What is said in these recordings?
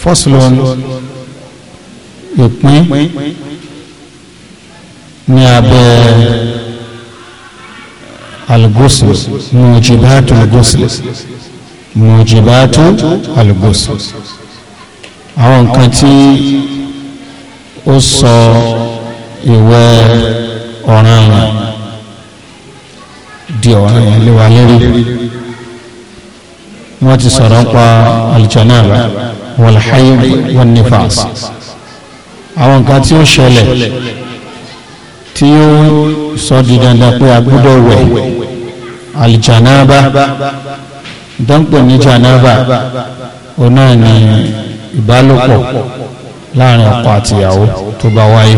fọ́sùlọ́n ìpín ní abẹ́ algosu mujibatu algosu mujibatu algosu àwọn nǹkan tí ó sọ ìwẹ̀ ọ̀ràn di ọ̀ràn yẹn lé wa lérí wọ́n ti sọ̀rọ̀ ń pa aljanaba walhaid wannifas àwọn nǹkan tí ó ṣẹlẹ̀ tí ó sọ di dandan pé a gbọ́dọ̀ wẹ̀ aljanaba dánpọ̀ ní janaba ó náà ní ìbálòpọ̀ láàrin ọkọ àtìyàwó tó bá wáyé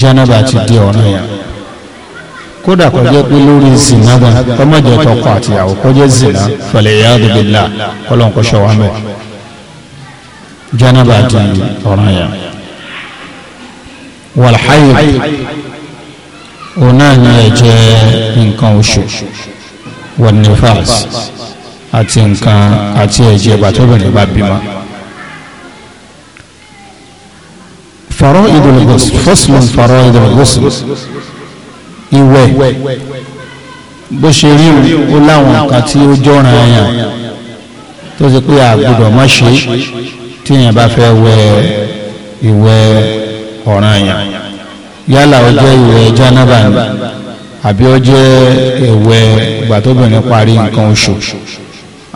janaba ti di ọ̀ràn yẹn kódà kò jẹ́ pé lórí zina gan kọ́mọ̀jẹ́ tọkọ àtìyàwó kò jẹ́ zina fẹlẹ̀ ya dùbìlà kọ́lọ̀ nǹkan ṣọwọ́ mẹ́ jẹ́nàbà di ọ̀ràn yẹn wàlháyé òun náà ní ẹ̀jẹ̀ nǹkan oṣù wọ̀nìfàs àti nǹkan àti ẹ̀jẹ̀ bàtọ́bìnrin bá bímọ. فرائض الغسل فصل فرائض الغسل ìwẹ̀ bó ṣe rí o láwọn nǹkan tí ó jọ̀ràn àyàn tó ṣe pé àgbọ́dọ̀ má ṣe tí èèyàn bá fẹ́ wẹ̀ ìwẹ̀ ọ̀ràn àyàn yálà ó jẹ́ ìwẹ̀ jánábà ni àbí ó jẹ́ ìwẹ̀ ìgbà tóbìnrin parí nǹkan oṣù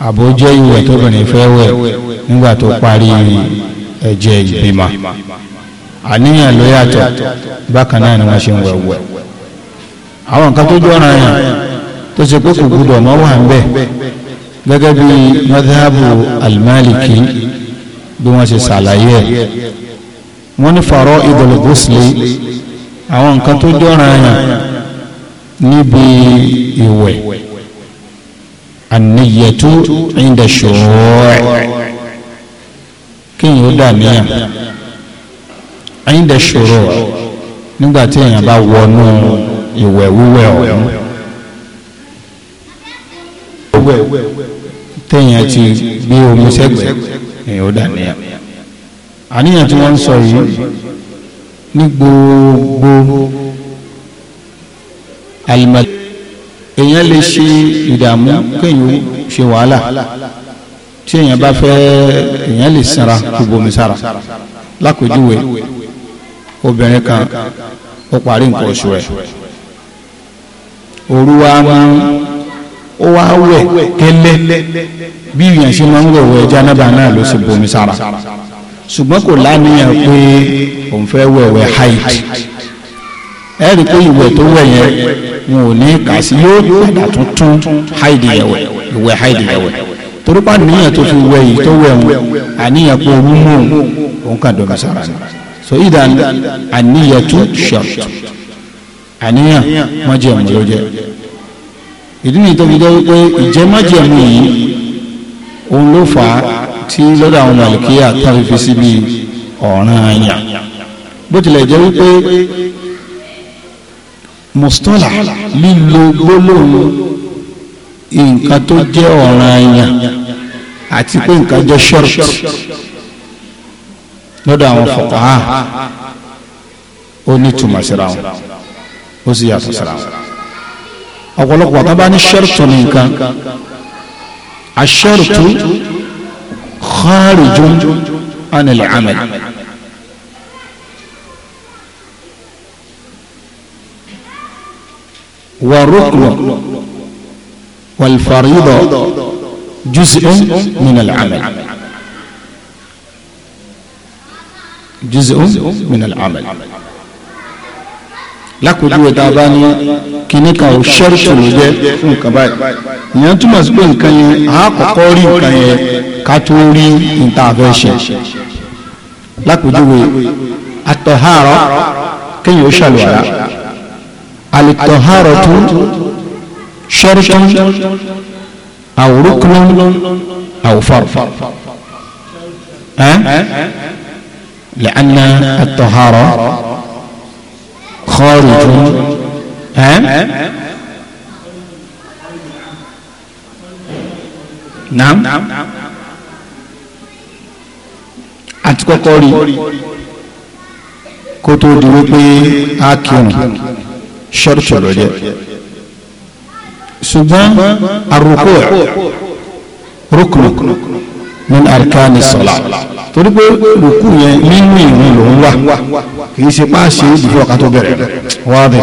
àbó jẹ́ ìwẹ̀ tóbìnrin fẹ́ wẹ̀ nígbà tó parí ẹ̀jẹ̀ ìbímọ àníyàn ló yàtọ̀ bákan náà ni wọ́n ṣe ń wẹ̀ àwọn nǹkan tó jọ ọ̀ràn yẹn tó ṣe pé kò gbúdọ̀ mọ́ wà ń bẹ̀ gẹ́gẹ́ bí madhabu almaliki bí wọ́n ṣe ṣàlàyé ẹ̀ wọ́n ní fàárọ̀ ìdọ̀lẹ̀ gúúsùlẹ̀ àwọn nǹkan tó jọ ọ̀ràn yẹn níbi ìwẹ̀ àníyẹ̀tú inda kí yìí ó dà níyà inda nígbà tí èèyàn bá wọnú ìwẹ̀ wíwẹ̀ ọ̀hún téèyàn ti gbé omi sẹ́gbẹ̀ẹ́ èèyàn ó dàníyàn àníyàn tí wọ́n ń sọ yìí ní gbogbo alimọ̀ èèyàn lè ṣe ìdààmú kéèyàn ṣe wàhálà tí èèyàn bá fẹ́ èèyàn lè sanra kó bomi sára lákòójúwe obìnrin kan ó parí nǹkan oṣù rẹ̀ òru wa máa ń ó wá wẹ̀ kẹ́lẹ́ bí ìyàn ṣe máa ń wẹ̀ wẹ̀ jánábà náà ló sì bomi sára ṣùgbọ́n kò láníyàn pé òun fẹ́ wẹ̀wẹ̀ haid ẹ̀rí pé ìwẹ̀ tó wẹ̀ yẹn wọn ò ní kà sí yóò padà tún tún haid yẹn wẹ̀ ìwẹ̀ haid yẹn wẹ̀ torípa níyàn tó fi wẹ̀ yìí tó wẹ̀ wọn àníyàn pé òun mú òun kà dọ̀mí sára ni so ìdá àníyàn tó ṣàtúntò àníyàn májẹ̀mú ló jẹ́ ìdí nìyí tó fi jẹ́ wípé ìjẹ́ májẹ̀mú yìí òun ló fà á tí lọ́dọ̀ àwọn màlìkíyà tán fi fi síbi ọ̀ràn àyàn bó tilẹ̀ jẹ́ wípé mustala lílo gbólóhùn nǹkan tó jẹ́ ọ̀ràn àyàn àti pé nǹkan jẹ́ short lọ́dọ̀ àwọn fọ̀kàá ó ní túmọ̀ síra wọn. وزيادة سلام أقول لك وطبعاً الشرط منك الشرط خارج عن العمل والركن والفريضة جزء من العمل, جزء من العمل. lákòójú ẹ̀ tá a bá ní kinní kan ò ṣẹ́rìṣì ló jẹ́ fún nǹkan báyìí ìyẹn túmọ̀ sí pé nǹkan yẹn á kọ́kọ́ rí nǹkan yẹn ká tó rí nǹkan àfẹ́ ṣe lákòójú àtọ̀hárọ̀ kéèyàn ó ṣàlùwàlá àlìtọ̀hárọ̀ tó ṣẹ́rìṣì àwòrúkúlọ́ àwòfọ̀rọ̀ ẹ́ lẹ́yìn àtọ̀hárọ̀ kọ́ọ̀rì tún naam àti kọ́kọ́ rí kó tó di wípé a kírun ṣọ́ọ̀ṣì ló jẹ́ ṣùgbọ́n àròkọ rúkùnù min arkani sọlá torí pé rùkú yẹn nínú ìlú lòún wà kì í ṣe bá ṣe é dìbò ọ̀ká tó bẹ̀rẹ̀ wá bẹ̀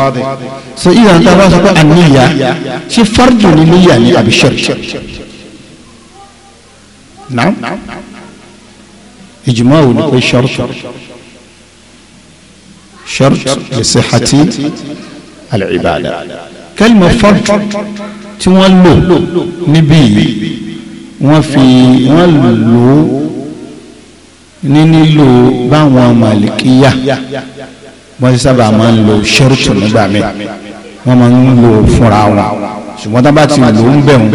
so ìyá ń tábà sọ pé àníyà ṣe fárjò ní níyà ní àbí ṣẹ̀rì naam ìjùmọ̀ wò ni pé ṣọ́rọ̀tù ṣọ́rọ̀tù lè ṣe hàtí àlẹ́ ìbàdàn kẹ́lìmọ̀ fọ́rọ̀tù tí wọ́n lò níbí yìí wọ́n fi wọ́n lò ó ní nílò báwọn màlìkíyà wọ́n ti sábà máa ń lo ṣẹ́rùtù nígbà míì wọ́n máa ń lo fúnra wọn ṣùgbọ́n tá bá ti lò ó ń bẹ̀rù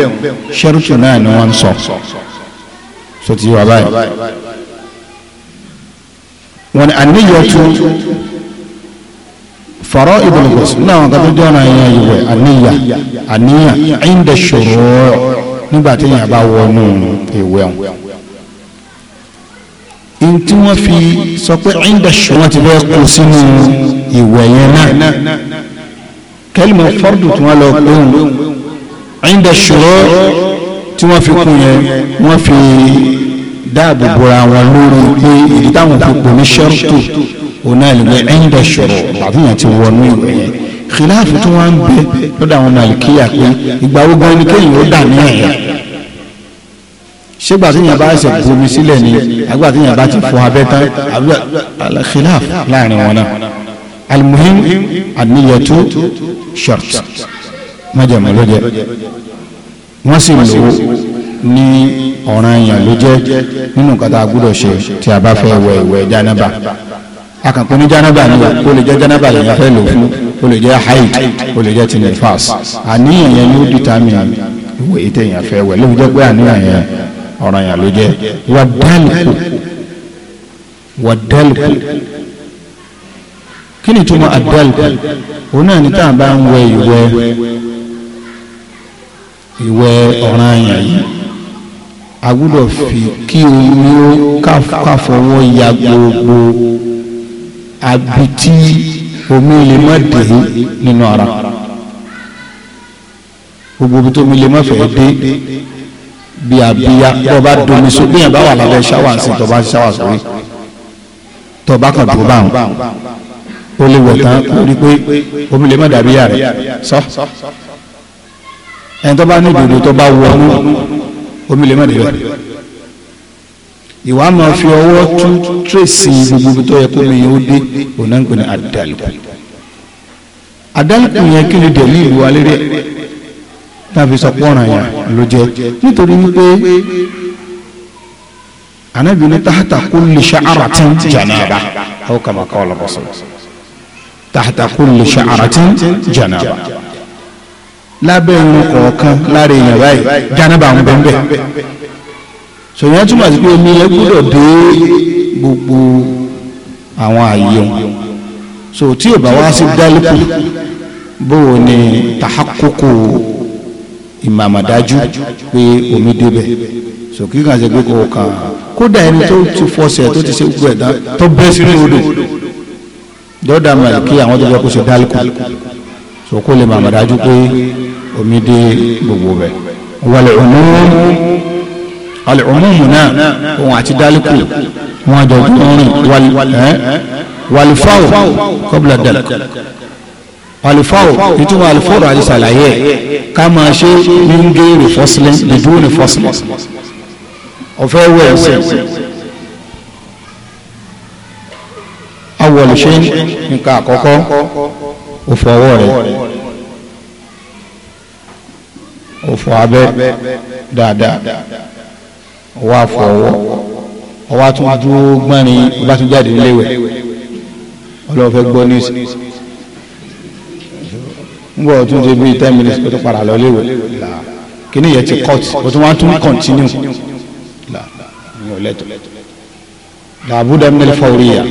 ṣẹ́rùtù náà ni wọ́n ń sọ so ti wà báyìí wọ́n ní àníyàn tún fọ̀rọ̀ ìbùdókòsí náà wọ́n kàtó jọ́nà ẹ̀yàn ìwẹ̀ àníyàn àníyàn inda shuru' nígbà téèyàn bá wọnú ìwẹ̀ wọn. ìyẹn tí wọ́n fi sọ pé ẹ̀ńdàṣọ́ wọn ti fẹ́ kó sínú ìwẹ̀ yẹn náà kẹ́lìmọ̀ fọ́ọ̀dù tí wọ́n lọ kóhùn ẹ̀ńdàṣọ́ tí wọ́n fi kún yẹn wọ́n fi dáàbò bora wọn lórí pé ìdí táwọn fi pò ní ṣẹ́rùtù òun náà lè gbé ẹ̀ńdàṣọ́ tàbí yẹn ti wọnú ìwẹ̀ yẹn kìláàfù tí wọ́n ń bẹ lọ́dọ̀ àwọn màlìkíyà pé ìgbà wo gan ni kéèyàn ó dà ní ẹ̀yà ṣégbà tí yàn bá ṣẹ̀ gbomi sílẹ̀ ni àgbà tí yàn bá ti fọ abẹ́ tán kìláàfù láàrin wọn náà alimuhim aniyatu shart májàmú ló jẹ wọ́n sì lò ní ọ̀ràn yàn ló jẹ́ nínú kàtà gbúdọ̀ ṣe tí a bá fẹ́ wẹ̀ ìwẹ̀ jánábà akànpọ̀ ní jánábà ni o lè jẹ́ jánábà lèyàn fẹ́ lò fún o lè jẹ́ haid o lè jẹ́ tinifas àníyàn yẹn yóò dìtàmì ìwé ìtẹ̀yàn fẹ́ wẹ̀ lóòjẹ́ pé àníyàn yẹn ọ̀ràn yẹn ló jẹ́ wà dálùkù wà dálùkù kí ni túmọ̀ àdálùkù òun náà ní tá à bá ń wẹ ìwẹ̀ ìwẹ̀ ọ̀ràn yẹn yìí a gbọ́dọ̀ fi kí omi ó káfọwọ́ ya gbogbo àbí tí omi lè má de nínú ara gbogbo ibi tó omi lè má fẹ́ dé bí abiya bọ́ bá domi so bí yẹn bá wà lábẹ́ ṣáwà sí tọ́ bá ṣáwà sórí tọ́ bá kàn dúró lè wọ̀ tán kó rí pé omi lè má dàbí yà rẹ̀ sọ ẹni tó ní ìdòdó tó bá wọ ọmú omi lè má dàbí yà ìwà máa fi ọwọ́ tú tírèsì gbogbo tó yẹ kó mi yóò dé òun náà ń pè ní àdàlùkù àdàlùkù yẹn kí ni dẹ̀lí ìlú alẹ́ rẹ̀ tàbí sọpọ́ ọ̀ràn yẹn ló jẹ́ nítorí wípé anabi ni tahta kulli sha'aratin janaba aw kama qala rasul tahta kulli sha'aratin janaba lábẹ́ irun kọ̀ọ̀kan lára èèyàn báyìí janaba ń bẹ́ẹ̀ sọ̀yìn á túmọ̀ sí pé omi yẹn gbúdọ̀ dé gbogbo àwọn àyè so tí ò bá wá sí gbálùkù bówo ni tahakoko ìmàmàdájú pé omi débẹ̀ so kí kàn ṣe pé kò kà kódà ẹni tó ti fọsẹ̀ tó ti ṣe gbogbo ẹ̀dá tó bẹ́ sínú odò dọ́dà mà kí àwọn tó jẹ́ kó ṣe dálùkù so kó lè màmàdájú pé omi dé gbogbo bẹ̀ wàlẹ̀ ònú alẹ́ ọmọọmọ náà òun àti dálíkù wọn àjọ ọdún wàlífáwò kọ́bùlà dàlù wàlífáwò ìtumọ̀ àlùfáwò àti sàlàyé ká máa ṣe ní ń gé rìfọ́sílẹ̀ bìbú rìfọ́sílẹ̀ ọ̀fẹ́ wẹ̀ ẹ̀sẹ̀ awọ̀lù ṣe nǹkan àkọ́kọ́ òfò ọwọ́ rẹ̀ òfò abẹ́ dáadáa ọwọ́ àfọ ọwọ́ ọwọ́ àtún dúró gbọ́nrin bá tún jáde léwẹ̀ ọlọ́run fẹ́ gbọ́ news ń bọ̀ tún ṣe bíi ten minutes kó tó padà lọ léwẹ̀ là kíní yẹn ti cut kó tó wọ́n tún continue là ní ọ̀lẹ́tọ̀ làbúdà mílẹ̀ fọ́ọ̀rìyà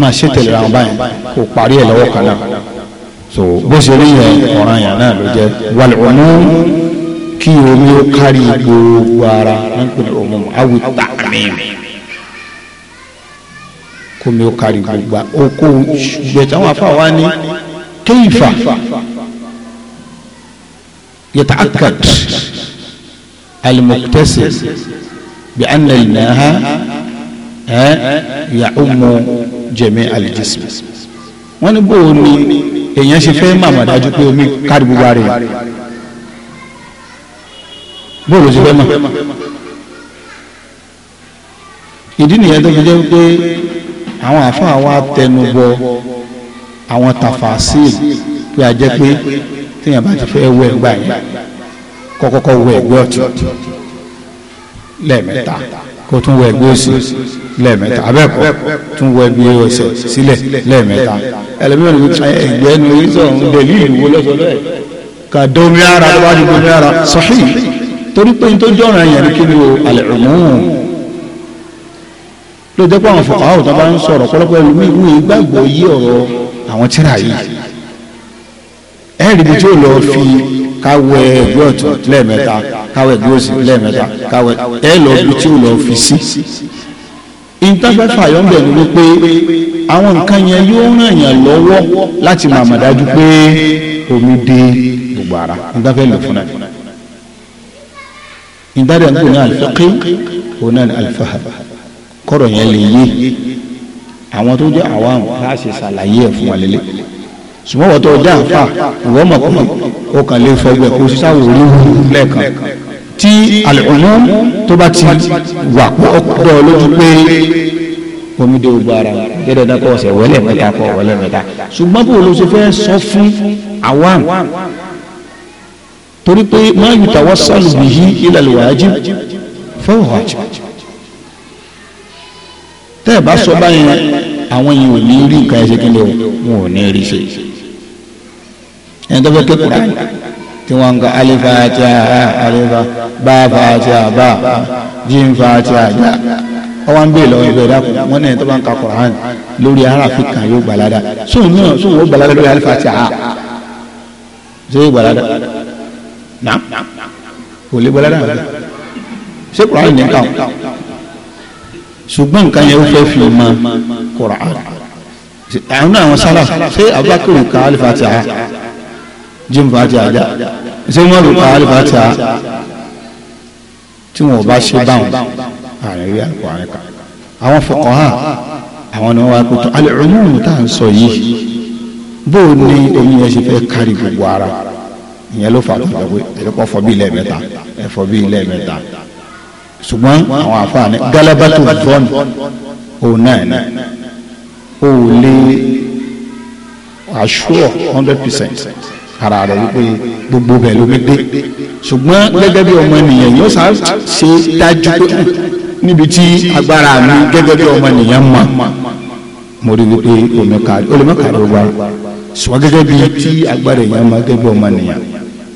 máa ṣe tẹ̀lé àwọn báyìí kò parí ẹ̀ lọ́wọ́ kan náà so bó ṣe rí yẹn ọ̀ràn yẹn náà ló jẹ́ wàlúù kí omi ó kárí gbogbo ara wọn pè ní ọmọ awi tààmì kó omi ó kárí gbogbo ara oko gbẹ̀tẹ̀ àwọn afa wa ni kéyìfà yẹtà akad alimọkutẹsẹ bi anilinaha ẹ yà ọmọ jẹmẹ alijisimi wọn ni bó o èèyàn ṣe fẹ́ mọ̀ àmàdájú pé omi kárí gbogbo ara yẹn bóòlù sí fẹ́ mọ̀ ìdí nìyẹn tó fi jẹ́ pé àwọn àfáà wa tẹnu bọ àwọn tàfàṣìl pé a jẹ́ pé téèyàn bá ti fẹ́ wẹ̀ gbà yẹn kọ́kọ́kọ́ wẹ̀ ẹgbẹ́ ọ̀tún lẹ́ẹ̀mẹ́ta kó tún wẹ̀ ẹgbẹ́ òsì lẹ́ẹ̀mẹ́ta abẹ́kọ̀ tún wẹ̀ ẹgbẹ́ ọ̀sẹ̀ sílẹ̀ lẹ́ẹ̀mẹ́ta ẹlẹ́mìíràn ẹgbẹ́ nu ìsọ̀rọ̀ ń dẹ̀lí ìlú wọlé sọ́dọ̀ ẹ̀ kà dómi ara wájú dómi ara sọ́hìn torí pé tó jọ̀ràn yẹn ní kíni o al-umum ló jẹ́ pé àwọn fọ̀kà àwòtá bá ń sọ̀rọ̀ pọ́lọ́pọ́ ẹlòmíì wọ́n gbàgbọ́ yí ọ̀rọ̀ àwọn tíra yìí ẹ̀rì bí tí ó lọ fi káwẹ́ ẹgbẹ́ ọ̀tún lẹ́ẹ̀mẹ́ta káwẹ́ ẹgbẹ́ òsì lẹ́ẹ̀mẹ́ta káwẹ́ ẹ̀ lọ bí tí ó lọ fi sí ìtafẹ́fà yọ̀ ń bẹ̀ ní wípé àwọn nǹkan yẹn yóò ràn yàn lọ́wọ́ láti màmá dájú pé omi dé gbogbo ara ìtafẹ́ lò fún náà ìdáre àgbo ní àlùfẹ́kẹ́ òun náà ní àlùfáà kọ́rọ̀ yẹn lè yé àwọn tó jẹ́ àwọn àwọn láṣẹ ṣàlàyé ẹ̀ fún wa lélẹ̀ ṣùgbọ́n wọ́n tó jẹ́ àfà ìwọ́n mọ̀ pé o kàn lè fọgbẹ́ kó sísáwò orí lẹ́ẹ̀kan tí àlùfáà tó bá ti wà pọ̀ ọ̀pọ̀ lójú pé omidé gbogbo ara yẹ́dẹ̀ dákọ̀ ọ̀sẹ̀ wẹ́lẹ̀ mẹ́ta kọ̀ wẹ́lẹ̀ mẹ́ta ṣùgbọ́n bó ló ṣe fẹ́ sọ fún àwọn torí pé máa yù tàwọ́ sálù bìyí ilẹ̀ lùwájú fẹ́ràn wájú tẹ́ ẹ̀ bá sọ báyìí àwọn yìí ò ní rí nǹkan ẹ̀ṣẹ̀ kí lè wọn ò ní rí ṣe ẹni tó fẹ́ ké Kùránì tí wọ́n ń ka alifa àti àhà alifa bá fa àti àbá jíìn fa àti àjà ọwọ́n ń bè lọ ìbẹ̀ dákun náà tó bá ń ka Kùránì lórí aráàfin kan yóò gbalada sóun náà sóun ó gbalada lórí alifa àti àhà ṣé yóò gbalada nà kò lè gbọ́lá dáa ṣé kùránì ní ká o ṣùgbọ́n nǹkan yẹn ó fẹ́ fi mọ kùránì àwọn àwọn sálà ṣé abakuru ká alifati a jim fati a dá ṣé mọ́rù ká alifati a tí wọn ò bá ṣe báwọn àrẹ rí àkùránì ká àwọn fuqaha àwọn ni wọn wá kótó alẹ́ ọ̀yún tá à ń sọ yìí bóò ní oyin ẹ ṣe fẹ́ kárí gbogbo ara ìyẹn ló fà tó jẹ́ pé ẹ̀rọ̀pọ̀ fọ bí lẹ́ẹ̀mẹ́ta ẹ̀fọ́ bí lẹ́ẹ̀mẹ́ta ṣùgbọ́n àwọn àfààní galabatu zọ́ọ̀nù òun náà ni ó lé assure hundred percent ara rẹ̀ wípé gbogbo bẹ́ẹ̀ ló mi dé ṣùgbọ́n gẹ́gẹ́ bí ọmọ ènìyàn yóò sá ṣe dájú pé níbi tí agbára mi gẹ́gẹ́ bí ọmọ ènìyàn mọ̀ mo rí wípé omi wa ṣùgbọ́n gẹ́gẹ́ bí tí agbára èèyàn mọ̀ gẹ́gẹ́ bí ọmọ ènìyàn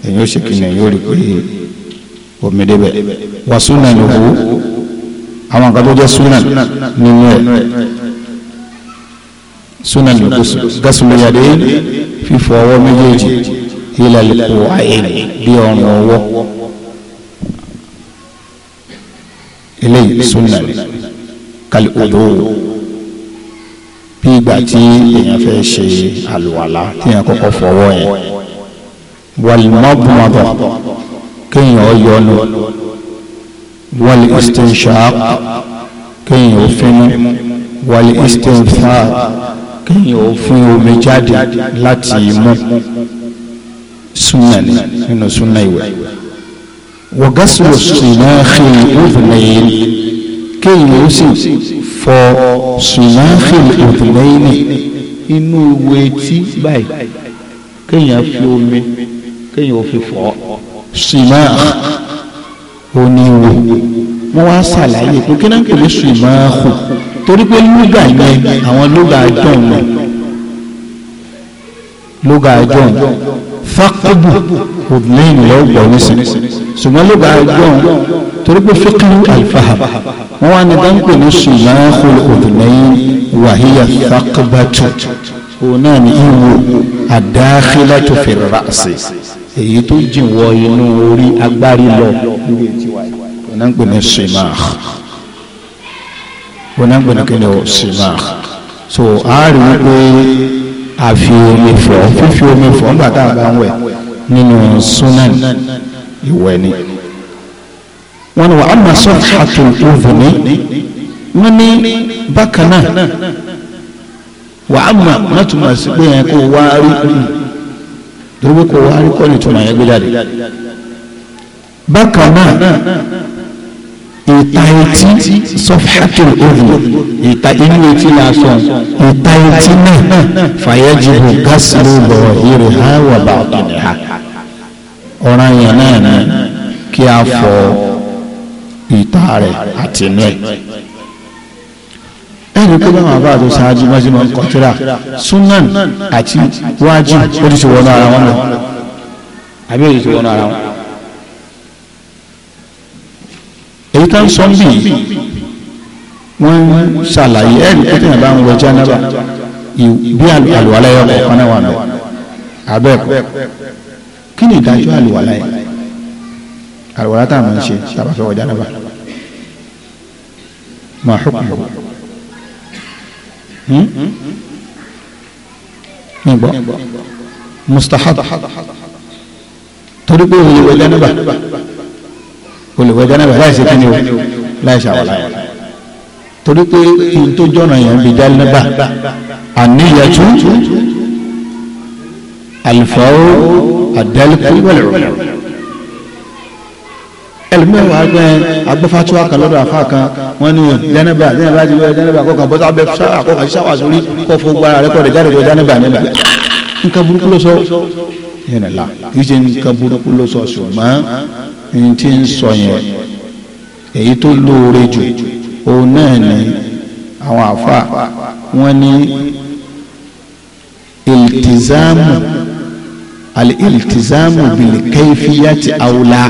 èyí ó ṣe kìnìún yóò rí pé omi débẹ̀ wà súnà nìkú àwọn nǹkan tó jẹ́ súnà nínú ẹ̀ súnà nìkú gásùlùyàdé fífọ ọwọ́ méjèèjì ìlàlẹ̀ kò àyè bí ọrùn ọwọ́ eléyìí súnà kálí odò bí ìgbà tí èèyàn fẹ́ ṣe àlùwàlá tí èèyàn kọ́kọ́ fọwọ́ yẹn wàlmọ́bùmọ́bọ̀ kéèyàn ọyọnu wàlì istinshaq kéèyàn òfinú wàlì istinthar kéèyàn òfin omi jáde láti imú súnmọ̀ nínú súnmọ̀ ìwẹ̀ wọ̀gásùwò sùnáàkì òfìlẹ́yìn kéèyàn ó sì fọ sùnáàkì òfìlẹ́yìn inú ìwé etí báyìí kéèyàn fi omi kéèyàn ò fi fọ́ sùnmọ́ oníwò wọ́n wá ṣàlàyé pé kí náà ń pè ní sùnmọ́ ọ̀hún torí pé lúgà yẹn àwọn lúgà jọ̀ọ̀ mọ̀ lúgà jọ̀ọ̀ fakubu obìnrin ló gbọ́ nísìn ṣùgbọ́n ló bá torí pé fíkìlú alfaham wọ́n wá ní dáńpé ní ṣùgbọ́n obìnrin wàhíyà fakubatu òun náà ní ìwò àdáhìlá tó fi rà sí i èyí tó jìn wọ inú orí agbárí lọ lórí simah ọ̀nà ń simah so a rí i pé a fi omi fọ̀ fífi omi fọ̀ nígbà tá a bá ń wẹ̀ nínú sunan ìwẹ̀ ni wọn wà á sọ àtún òvùní wọn ní bákan náà wà á wọn tún sí pé yẹn kó wá rí torí pé kò wá rí kọ́ nìtumọ̀ yẹn gbé jáde. bákan náà ìta etí sọfàtò òdì ìta inú etí la sọ ìta etí náà fàyẹ́jìbò gásìlò bọ̀rọ̀ ìrò ha wà bá ọ̀tọ̀ni ha ọ̀ràn yẹn náà ni kí a fọ ìta rẹ̀ àtinú ẹ̀ ẹni pé báwọn àbá àtọ ṣáájú wọn ṣe máa ń kọ tíra sunan àti wájú ó ti ṣe wọnú ara wọn lọ àbí ó ti ṣe wọnú ara wọn. èyí tá ń sọ bí wọn ń ṣàlàyé ẹni pé téèyàn bá ń wọ jánábà bí àlùwalá yẹ kọ náà wà lọ abẹ́ẹ̀kọ́ kí ni ìdájọ́ àlùwalá yẹ àlùwalá ń ṣe tàbá fẹ́ wọ jánábà máa nígbà hmm? hmm? hmm? mustahab torí pé òye wẹ̀ jẹ́nẹ́bà olè wẹ̀ jẹ́nẹ́bà láì ṣe kíni o láì ṣàwọ̀lá torí pé ohun tó jọ̀nà yẹn bí jẹ́nẹ́bà àníyàtú àlùfáà àdẹ́lẹ́kùn wẹ̀lẹ̀rọ̀ ẹlòmíràn wà pé agbófatuwa kan lọ́dọ̀ àfa kan wọ́n ní jẹ́nẹ́bà jẹ́nẹ́bà ti wọ́n jẹ́nẹ́bà kọ́ kan bọ́tà bẹ́ẹ̀ sáà kọ́ kan sáwà sórí kọ́ fún gbára rẹ kọ́ rẹ jáde kọ́ jẹ́nẹ́bà níbà nǹkan burúkú ló sọ yẹn la kì í ṣe nǹkan burúkú ló sọ ṣùgbọ́n n ti ń sọ yẹn èyí tó lóore jù òun náà ni àwọn àfa wọn ní iltizamu al iltizamu bil kayfiyati awla.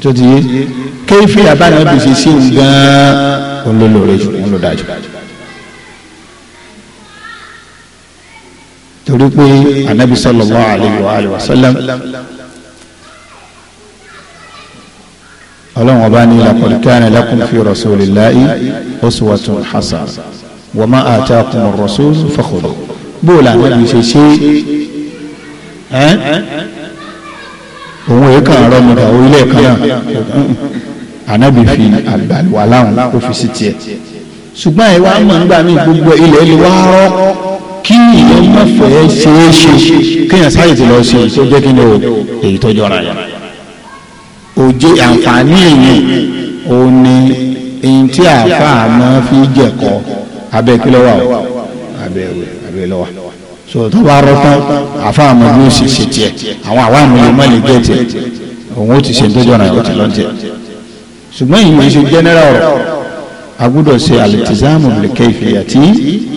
tó ti yé kéfì àbáyọ bí ṣe sí gan olólùrẹ jù olùdájọ. torí pé anabi sallallahu alayhi wa sallam ọlọ́run ọba ní laqad kana lakum fi rasulillahi uswatun hasana wa ma ataakum ar-rasul fakhudhu bóòlù anabi ṣe ẹ́ òun èyí kan rọ ọmọdé àwọn ilé ẹ̀ka náà ànábì fi àgbàlùwà láwọn ó fi sí tiẹ̀ ṣùgbọ́n ìwà máa ń gbà mí gbogbo ilẹ̀ ẹni wá rọ́ kí ìyẹn má fẹ́ ṣe é ṣe kéèyàn sáyè ti lọ ṣe tó jẹ́ kí ni o èyí tó jọra yẹn òjò àǹfààní èyàn òun ni èyí tí àáfàá máa fi jẹ̀kọ́ abẹ́ kí lọ́wọ́ abẹ́ ìwé so tó bá rọ tán àfa àmọ́ bí ó sì ṣe tiẹ̀ àwọn àwa mi lè má lè gé òun ó ti ṣe tó jọra ó ti lọ tiẹ̀ ṣùgbọ́n ìyẹn ìṣe general ọ̀rọ̀ a gbọ́dọ̀ ṣe alìtìsáàmù lè kẹ́ ìfẹ́ àti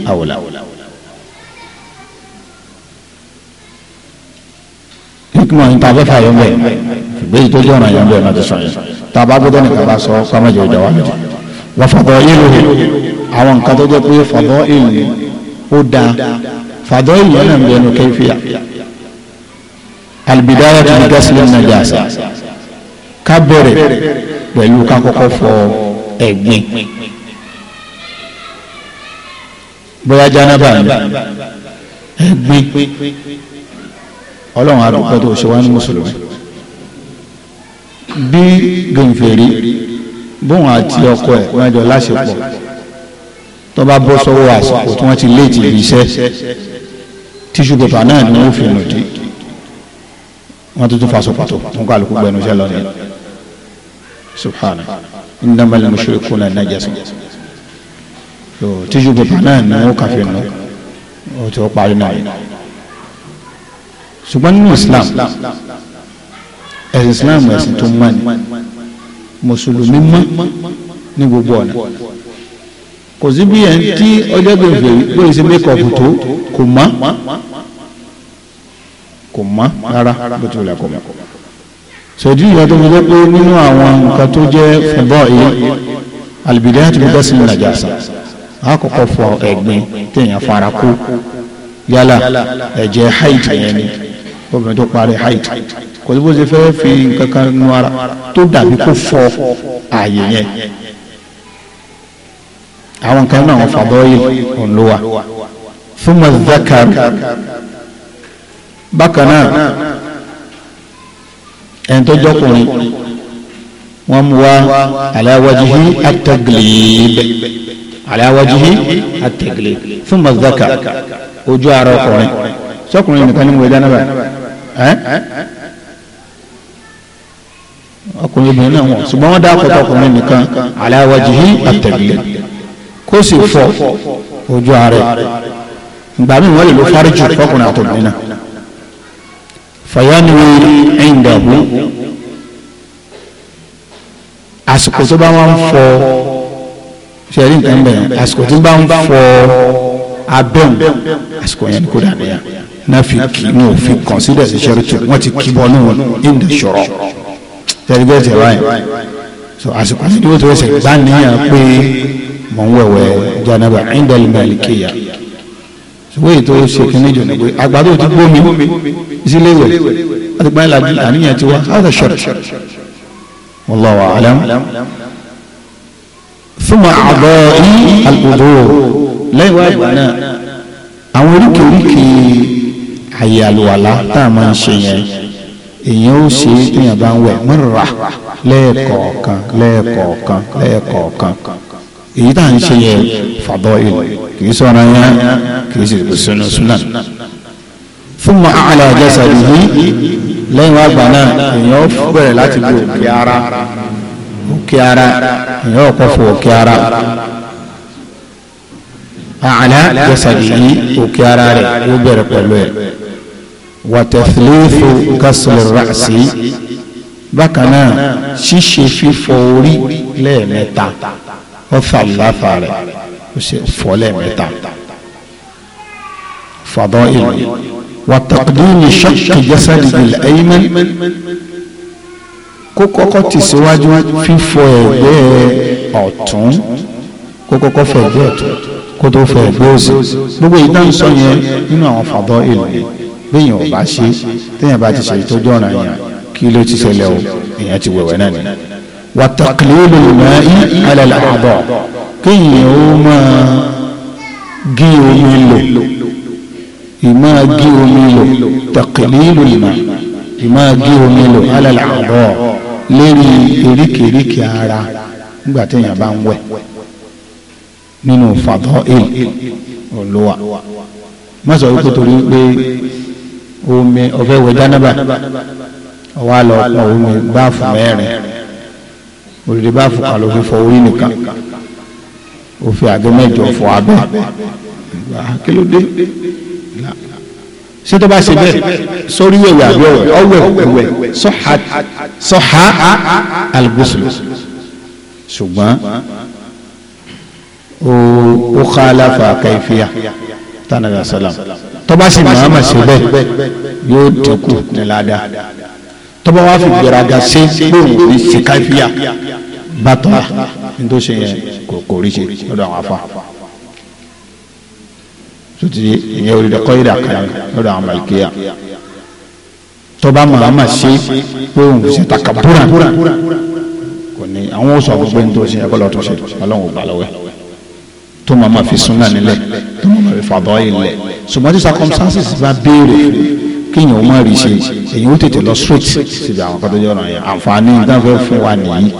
àwòlà. hikima n taba fa yọn bẹ bẹyi tó jọna yọn bẹ ma ti sọn yẹ taba bẹ dọnni ka sọ kama jọ jọ wa jọ wa fadọ ilu àwọn nǹkan tó jẹ́ pé fadọ fàdọ́ ìyẹn náà ń bẹnu kẹfìyà albidaya tó ní gẹ́sìlẹ̀ nàjàsà ká bẹ̀rẹ̀ pẹ̀lú ká kọ́kọ́ fọ ẹ̀gbin bóyá jánábà ni ẹ̀gbin ọlọ́run àdúgbò tó ṣe wá ní mùsùlùmí bí gbẹ̀ǹfẹ̀rí bóun àti ọkọ ẹ̀ wọ́n láṣepọ̀ tó bá bọ́ sọ́wọ́ àsìkò tí wọ́n ti léètì iṣẹ́ tíṣù pépà náà ni wọ́n fi nù dí wọ́n tuntun faso pàtó wọ́n kọ́ àlùkò gbẹnu iṣẹ́ lọ́nà subhana innamal mushrikuna najasun tíṣù pépà náà ni wọ́n kà fi nù ó ti parí náà yìí ṣùgbọ́n nínú islam ẹ̀sìn islam ẹ̀sìn tó mọ́ ni mùsùlùmí mọ́ ní gbogbo ọ̀nà kò sí bí ẹ̀ ń tí ọjọ́ gbèǹfẹ̀ bó ṣe mékọ̀pù tó kò mọ́ kò mọ́ rárá bó ti wùlẹ̀ kò mọ́ sọ̀dí ìyá tó gbogbo pé nínú àwọn nǹkan tó jẹ́ fúnbọ̀ yìí alìbìdẹ́ àti gbogbo sí nàjàsà àkọ́kọ́ fọ ẹ̀gbin téèyàn fara kú yálà ẹ̀jẹ̀ haid yẹn ni obìnrin tó parí haid kò sí bó ṣe fẹ́ fi nǹkan kan nu ara tó dàbí kó fọ ààyè yẹn àwọn kan náà fàbọ́yì òǹlówà fún mọ̀zákàr bákan náà ẹni tó jọkùnrin wọ́n mú wa ala wajhi at-taglib ala wajhi at-taglib fún mọ̀zákàr ojú ara ọkùnrin sọkùnrin nìkan ni mo dáná bá ọkùnrin obìnrin náà wọ̀ ṣùgbọ́n wọ́n dá akọ̀tọ̀ ọkùnrin nìkan ala wajhi kó sì fọ ojú ààrẹ ìgbà míì wọ́n lè lo fáríjì fọkùnrin àtòmí náà fàyánìwé ẹ̀ǹdàbù àsìkò tó bá wà ń fọ ṣẹlẹ̀ nǹkan bẹ̀rẹ̀ àsìkò tó bá ń fọ abẹ́hùn àsìkò yẹn kó dàbí yà náà fi kì í wọn fi consider sí ṣẹ́rìtì wọ́n ti kí bọ́ níwọ̀n ìndà ṣọ̀rọ̀ ṣẹ́rìtì bẹ́ẹ̀ tẹ̀ báyìí so àsìkò àti ìdíwọ́ tó ẹsẹ̀ gbá níyà pé mọ̀ ń wẹ̀wẹ̀ janaba indal malikiya ṣùgbọ́n èyí tó ṣe kí ní jù ní pé àgbàdo ti gbómi sílé wẹ̀ láti gbá ìlàjì àníyàn ti wá hádà ṣọ̀rọ̀ wallahu a'lam thumma a'dha'i al-wudu lẹ́yìn wá ìgbà náà àwọn oríkèéríkèé àyè tá a máa ń ṣe yẹn èèyàn ó ṣe é téèyàn bá ń wẹ̀ mọ́ra lẹ́ẹ̀kọ̀ọ̀kan lẹ́ẹ̀kọ̀ọ̀kan lẹ́ẹ̀kọ̀ọ̀kan èyí tá à ń ṣe yẹ fàbọ ìlú kì í sọra yẹn kì í sì sọnà súnà fún mọ àlẹ àjẹsà yìí lẹ́yìn wá gbà náà èèyàn bẹ̀rẹ̀ láti bu òkè ara òkè ara èèyàn kọ fún òkè ara àlẹ àjẹsà yìí òkè ara rẹ̀ yóò bẹ̀rẹ̀ pẹ̀lú ẹ wàtẹ̀fìlẹ́fù kásìlẹ̀ rásì bákan náà ṣíṣe fífọ orí lẹ́ẹ̀mẹ́ta ọ̀fàfàfà rẹ̀ ó ṣe fọ́lẹ̀ mẹ́ta fàdọ́ ìlú wàtàkùnrin ṣọ́ọ̀kì jẹ́sàdìgbìlẹ̀ ẹ̀yìnmẹ́ kó kọ́kọ́ tì síwájú fífọ ẹ̀gbẹ́ ọ̀tún kó kọ́kọ́ fọ ẹ̀gbẹ́ ọ̀tún kó tó fọ ẹ̀gbẹ́ òsì gbogbo ìdánsọ yẹn nínú àwọn fàdọ́ ìlú bẹ́yìn ò ṣe téèyàn bá ti ṣe ìtọ́jú ọ̀nà yẹn kí ló ti ṣẹlẹ̀ o èèyàn ti wẹ̀wẹ̀ náà nìyẹn wà tàkìlélò ìmọ̀ alẹ́lẹ́ àbọ̀ kéèyàn ó máa gé omi lò ìmọ̀ gé omi lò tàkìlélò ìmọ̀ ìmọ̀ gé omi lò alẹ́lẹ́ àbọ̀ lérí eríkèéríkèé ara nígbà téèyàn bá ń wẹ̀ nínú fàtọ́ èyí olùwà má sọ wípé torí pé omi ọ̀fẹ́ wẹ̀ jánábà ọwọ́ àlọ́ ọ̀pọ̀ omi báàfù mẹ́rin òdìdí bá fò kàló fi fọ orí nìkan ó fi àgé mẹ́jọ fọ abẹ́ kí ló dé ṣé tó bá ṣe bẹ́ẹ̀ sórí ẹ̀wẹ̀ àbí ọ̀wẹ̀ ọ̀wẹ̀ sọ́ha sọ́ha alùpùsùlù ṣùgbọ́n ó ó ká aláfa kẹfìyà tánàlá sálàm tó sì máa ma ṣe bẹ́ẹ̀ yóò dínkù nílá dáa tó bá fi gbéraga ṣe pé òun ní ṣe kẹfìyà bàtà ní tó ṣe yẹn kò kò rí ṣe lọ́dọ̀ àwọn afa sotí ìyẹn olùdó kọ́yìdà kan lọ́dọ̀ àwọn malikiya tọ́ba mahama ṣe pé òun ṣe takabura kò ní àwọn oṣù àgbègbè ní tó ṣe ẹ̀kọ́ lọ́tọ̀ ṣe ọlọ́run ò bá lọ́wọ́ tó máa ma fi súnà nílẹ̀ tó máa ma fi fàdọ́ yìí nílẹ̀ ṣùgbọ́n tí circumstances bá béèrè kéèyàn ó má rí ṣe èyí ó tètè lọ straight síbi àwọn kan tó jẹ́ ọ̀ràn yẹn àǹfààní nígbà fẹ́ fún wa nìyí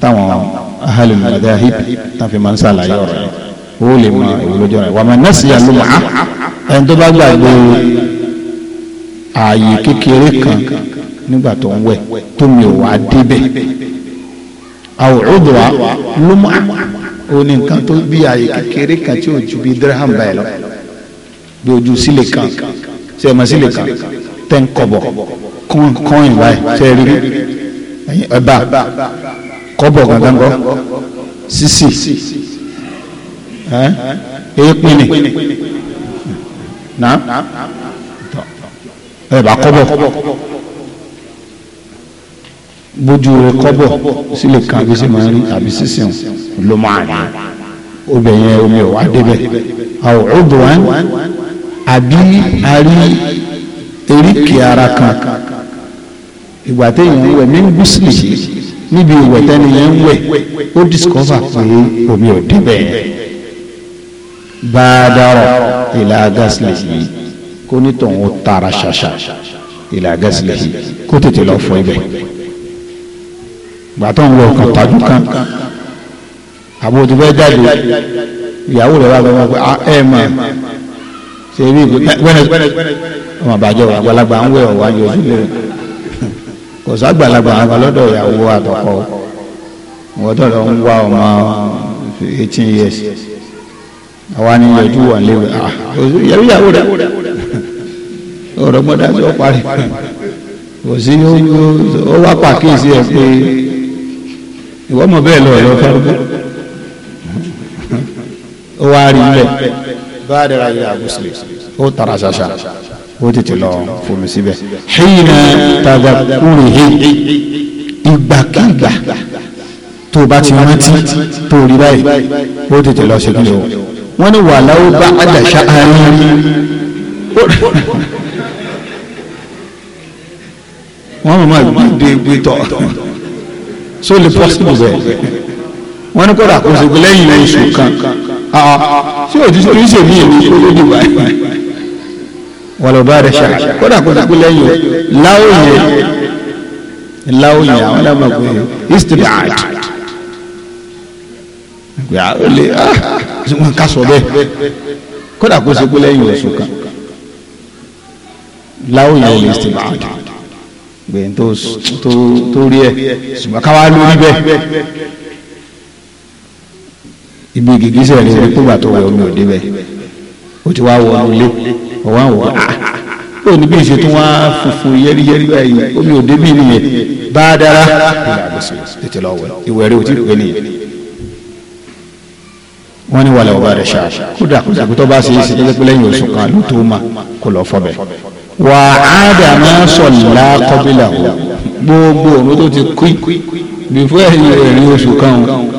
táwọn ahalul madahib tàfi máa ń ṣàlàyé ọ̀rọ̀ yẹn ó lè mọ ìwúlójọ́ rẹ̀ wàmọ̀ nẹ́sì àlùmọ̀ á ẹni tó bá gbàgbé ààyè kékeré kan nígbà tó ń wẹ̀ tó mi ò wá débẹ̀ àwòrán wa lùmọ̀ ó ní nǹkan tó bí ààyè kékeré kan tí ò ju bí dirham báyìí lọ bí ojú sílẹ̀ kan ṣe é mọ sílẹ̀ kan tẹ́ ń kọ̀bọ̀ kọ́ńkọ́ń báyìí ṣe é rí ẹ̀bá kọ́bọ̀ gàgàngọ́ sísì èépinni náà ẹ bá kọ́bọ̀ bójú rẹ kọ́bọ̀ sílẹ̀ kan bí sì máa rí àbí sísìn ló máa rí obìnrin omi ò wá débẹ̀ àwọn ọ̀dùn wa àbí a rí eríkèé ara kan ìgbà téèyàn ń wẹ̀ mí ń gúsìlì yìí níbi ìwẹ̀ tẹ́ni yẹn ń wẹ̀ ó discover pé omi ò débẹ̀ bàdàrọ̀ ìlà gásìlẹ̀ yìí kó nítorí ó tara ṣàṣà ìlà gásìlẹ̀ yìí kó tètè lọ fọ ibẹ̀ gbàtọ́ ń wọ ọkàn tàbí kan àbò tó fẹ́ jáde ìyàwó rẹ̀ wà lọ́wọ́ pé ẹ mọ̀ ṣe bí ìgbẹ́ wẹ́nẹ̀ ọmọ àbájọ àgbàlagbà ń wẹ̀ ọ̀wá yọjú lẹ́yìn kò sàgbàlagbà àwọn lọ́dọ̀ ìyàwó àtọkọ wọ́n tọ̀dọ̀ ń wá ọmọ eighteen years àwa ni yẹjú wà léwu ah, yẹ̀rù ìyàwó rẹ̀ ọ̀rọ̀ gbọ́dá tó parí kò sí ó wá pàkíyèsí ẹ pé ìwọ́n mọ̀ bẹ́ẹ̀ lọ ọ̀rọ̀ fẹ́rẹ́ ó wá rí ilẹ̀ bá a dára yẹ àgùsìlẹ̀ ó tara ṣàṣà ó tètè lọ fomi síbẹ̀. ṣéyìnà tàbí kúrè he ìgbàkígbà tó o bá ti rántí tó o rí báyìí ó tètè lọ síbi o. wọ́n ní wàhálà ó bá àdàṣà àárín wọ́n mọ̀ máa gbé gbé tọ̀ so le possible bẹ́ẹ̀ wọ́n ní kó rà kó lẹ́yìn oṣù kan tí ah, ah, ah. òjijì ṣe mí èmi kó ló dé báyìí wàlúùbá rẹ̀ ṣáà kódà kó dàgbé lẹ́yìn láòyè láòyè àwọn ẹlẹ́mọ̀ pé istibad pé a ó lè ah, wọn ká sọ bẹ́ẹ̀ kódà kó sọ pé lẹ́yìn oṣù kan láòyè lè istibad pé tó tó rí ẹ ṣùgbọ́n káwá lórí bẹ́ẹ̀ ibi gìgísẹ̀ rẹ̀ rí pé gbà tó wà omi ò débẹ̀ ó ti wá wọ ilé ọwọ́ àwọn ó ní bí ìṣètò wọn á funfun yẹ́rìyẹ́rì báyìí omi ò débí nìyẹn bá a dára tètè lọ wẹ̀ ìwẹ̀ rẹ̀ ò tí ì pé nìyẹn. wọ́n ní wàlẹ̀ ọba rẹ̀ ṣáà kódà kó tó bá ṣe é ṣe jẹ́ pé lẹ́yìn oṣù kan ló tó ma kó lọ fọ́ bẹ̀. wà á dà máa sọ ńlá kọ́bílà o gbogbo òun tó ti kú bífọ́ ẹ̀yìn ẹ̀yìn oṣù kan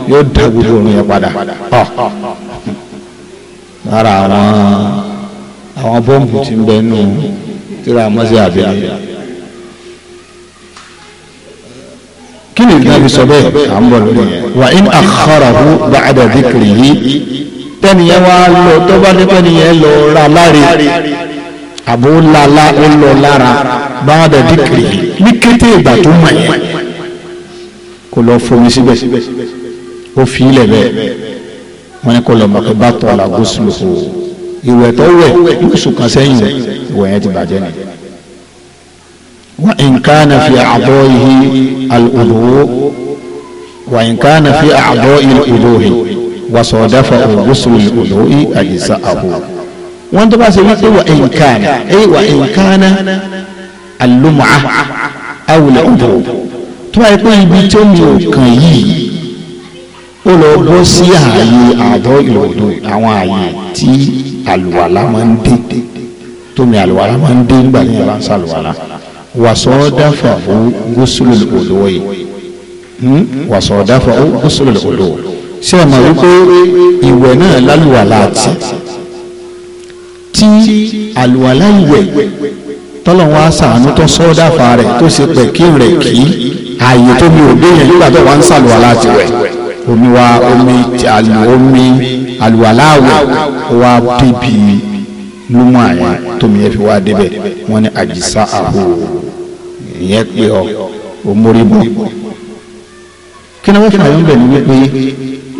yóò dá gbogbo òun yẹn padà. ara àwọn àwọn bọ́ǹbù ti ń bẹ nù tíra mọ́sí àbẹ̀lẹ̀ kí ni ìdábi sọ bẹ́ẹ̀ à ń bọ̀ lórí yẹn wà in akharahu ba'da dhikrihi tẹ́niyẹn wá lọ tó bá ní tẹ́niyẹn lọ ra láre àbó lala ó lọ lára ba'da dhikrihi ní kété ìgbà tó mọ̀ yẹn kò lọ fomi síbẹ̀ ó fi ilẹ̀ bẹ́ẹ̀ wọ́n ní kò lọ́ọ́ bá tọ́ la gúúsùlù kù ìwẹ̀ tó wẹ̀ oṣù kan sẹ́yìn ìwẹ̀ yẹn ti bàjẹ́ ni. wa in kana fi a'dahi al-udhu wa in kana fi a'dahi al-udhu wa sadafa ghusl al-udhu ajza'ahu. wọ́n tó bá ṣe wípé wa in kana ẹ̀ wa in kana al-lum'ah udhu tó bá yẹ pé ibi tó mi ò kàn yìí ó lọ bọ́ sí ààyè àbọ̀ ìlòdò àwọn ààyè tí àlùwàlà máa ń dé tómi àlùwàlà máa ń dé nígbà tí yàrá ń sàlùwàlà wàsọ̀ọ́dáfà ó gúúsùlù òdò yìí hmm? wàsọ̀ọ́dáfà ó gúúsùlù òdò ṣé ẹ mọ̀ wípé ìwẹ̀ náà lálùwàlà àti tí àlùwàlà ìwẹ̀ tọ́lọ́wọ́ àṣàánú tó sọ́ọ́dáfà rẹ̀ tó ṣe pẹ̀ kí rẹ̀ kí ààyè tómi òdò yẹn nígbà tó wà ń sàlùwàlà àti rẹ̀ omi wa omi àlù omi àlùwàláwò wa débi lúmọ àyẹn tómi yẹn fi wá débẹ̀ wọ́n ní àjìsá àhò ìyẹn pé ọ ò mórí bọ kí ni wọ́n fà yọ ń bẹ ní wípé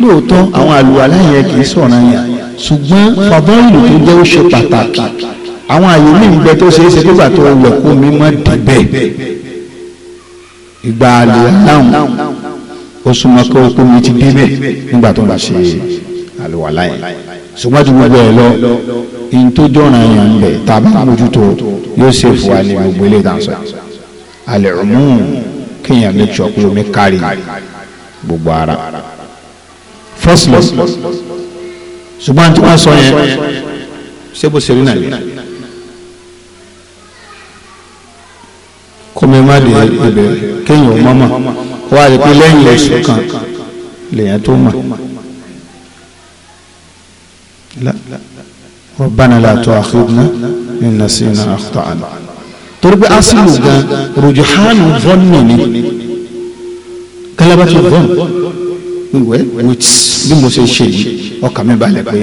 lóòótọ́ àwọn àlùwàlá yẹn kì í sọ̀rọ̀ yẹn ṣùgbọ́n fàbọ́ọ̀lù tó jẹ́ ó ṣe pàtàkì àwọn àyè ní ìgbẹ́ tó ṣe é ṣe nígbà tó wẹ̀ kó mi mọ́ débẹ̀ ìgbà àlè aláhùn ó súnmọ́ kó kó mi ti débẹ̀ nígbà tó bá ṣe é àlùwàlá yẹn ṣùgbọ́n tí gbogbo ẹ̀ lọ in tó jọ̀ràn yẹn ń bẹ̀ tá a bá mójútó yóò ṣe fún wa ní gbogbo ilé ìdánsọ alẹ́ ọ̀mú kéèyàn mi tsọ kúrò mi kárì gbogbo ara fọ́sùlọ̀ ṣùgbọ́n tí wọ́n sọ yẹn ṣé bó ṣe rí nàlẹ́ kọ́mi má dé ibẹ̀ kéèyàn mọ́mọ́ wọ́n á rí pé lẹ́yìn oṣù kan lèèyàn tó mọ̀. لا ربنا لا تؤاخذنا إن نسينا أخطأنا torí pé asilu gan rujahanu vọ́nù ni kalabatu vọ́nù wíwẹ́ wíwẹ́ bí mo ṣe ṣe yìí ọkàn mi balẹ̀ pé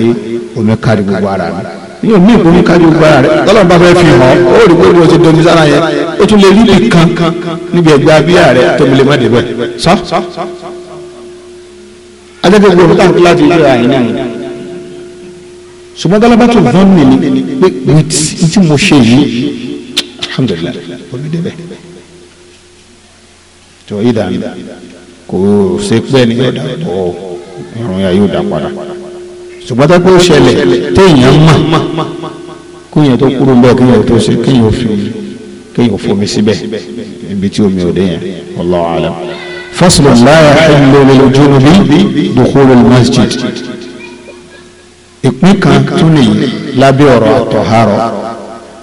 omi kárí gbogbo ara rẹ yóò ní ìbomi kárí gbogbo ara rẹ tọ́lọ́mù bá fẹ́ fi hàn ó rí pé mo ti domi sára yẹn ó tún lè rí ibi kan níbi ẹgbẹ́ abíyá rẹ tóbi lè má débẹ̀ sọ. adébẹ̀gbẹ̀ òkúta ńkú láti ilé àyìn náà yìí ṣùgbọ́n dálábà tó vọ́n mi ni pé tí mo ṣe yìí alhamdulilayi olùdébẹ̀ tó ìdá mi kò ṣe pé ẹni yóò dà pọ̀ ìrùn yà yóò dà padà ṣùgbọ́n tó kó ṣẹlẹ̀ téèyàn mọ̀ kéèyàn tó kúrò bẹ́ẹ̀ kéèyàn tó ṣe kéèyàn fi kéèyàn fomi síbẹ̀ ibi tí omi ò dé yẹn wallahu alam. faslun la yahillu lil junubi dukhulul masjid ìpín kan tún nìyí lábẹ́ ọ̀rọ̀ àtọ̀hárọ̀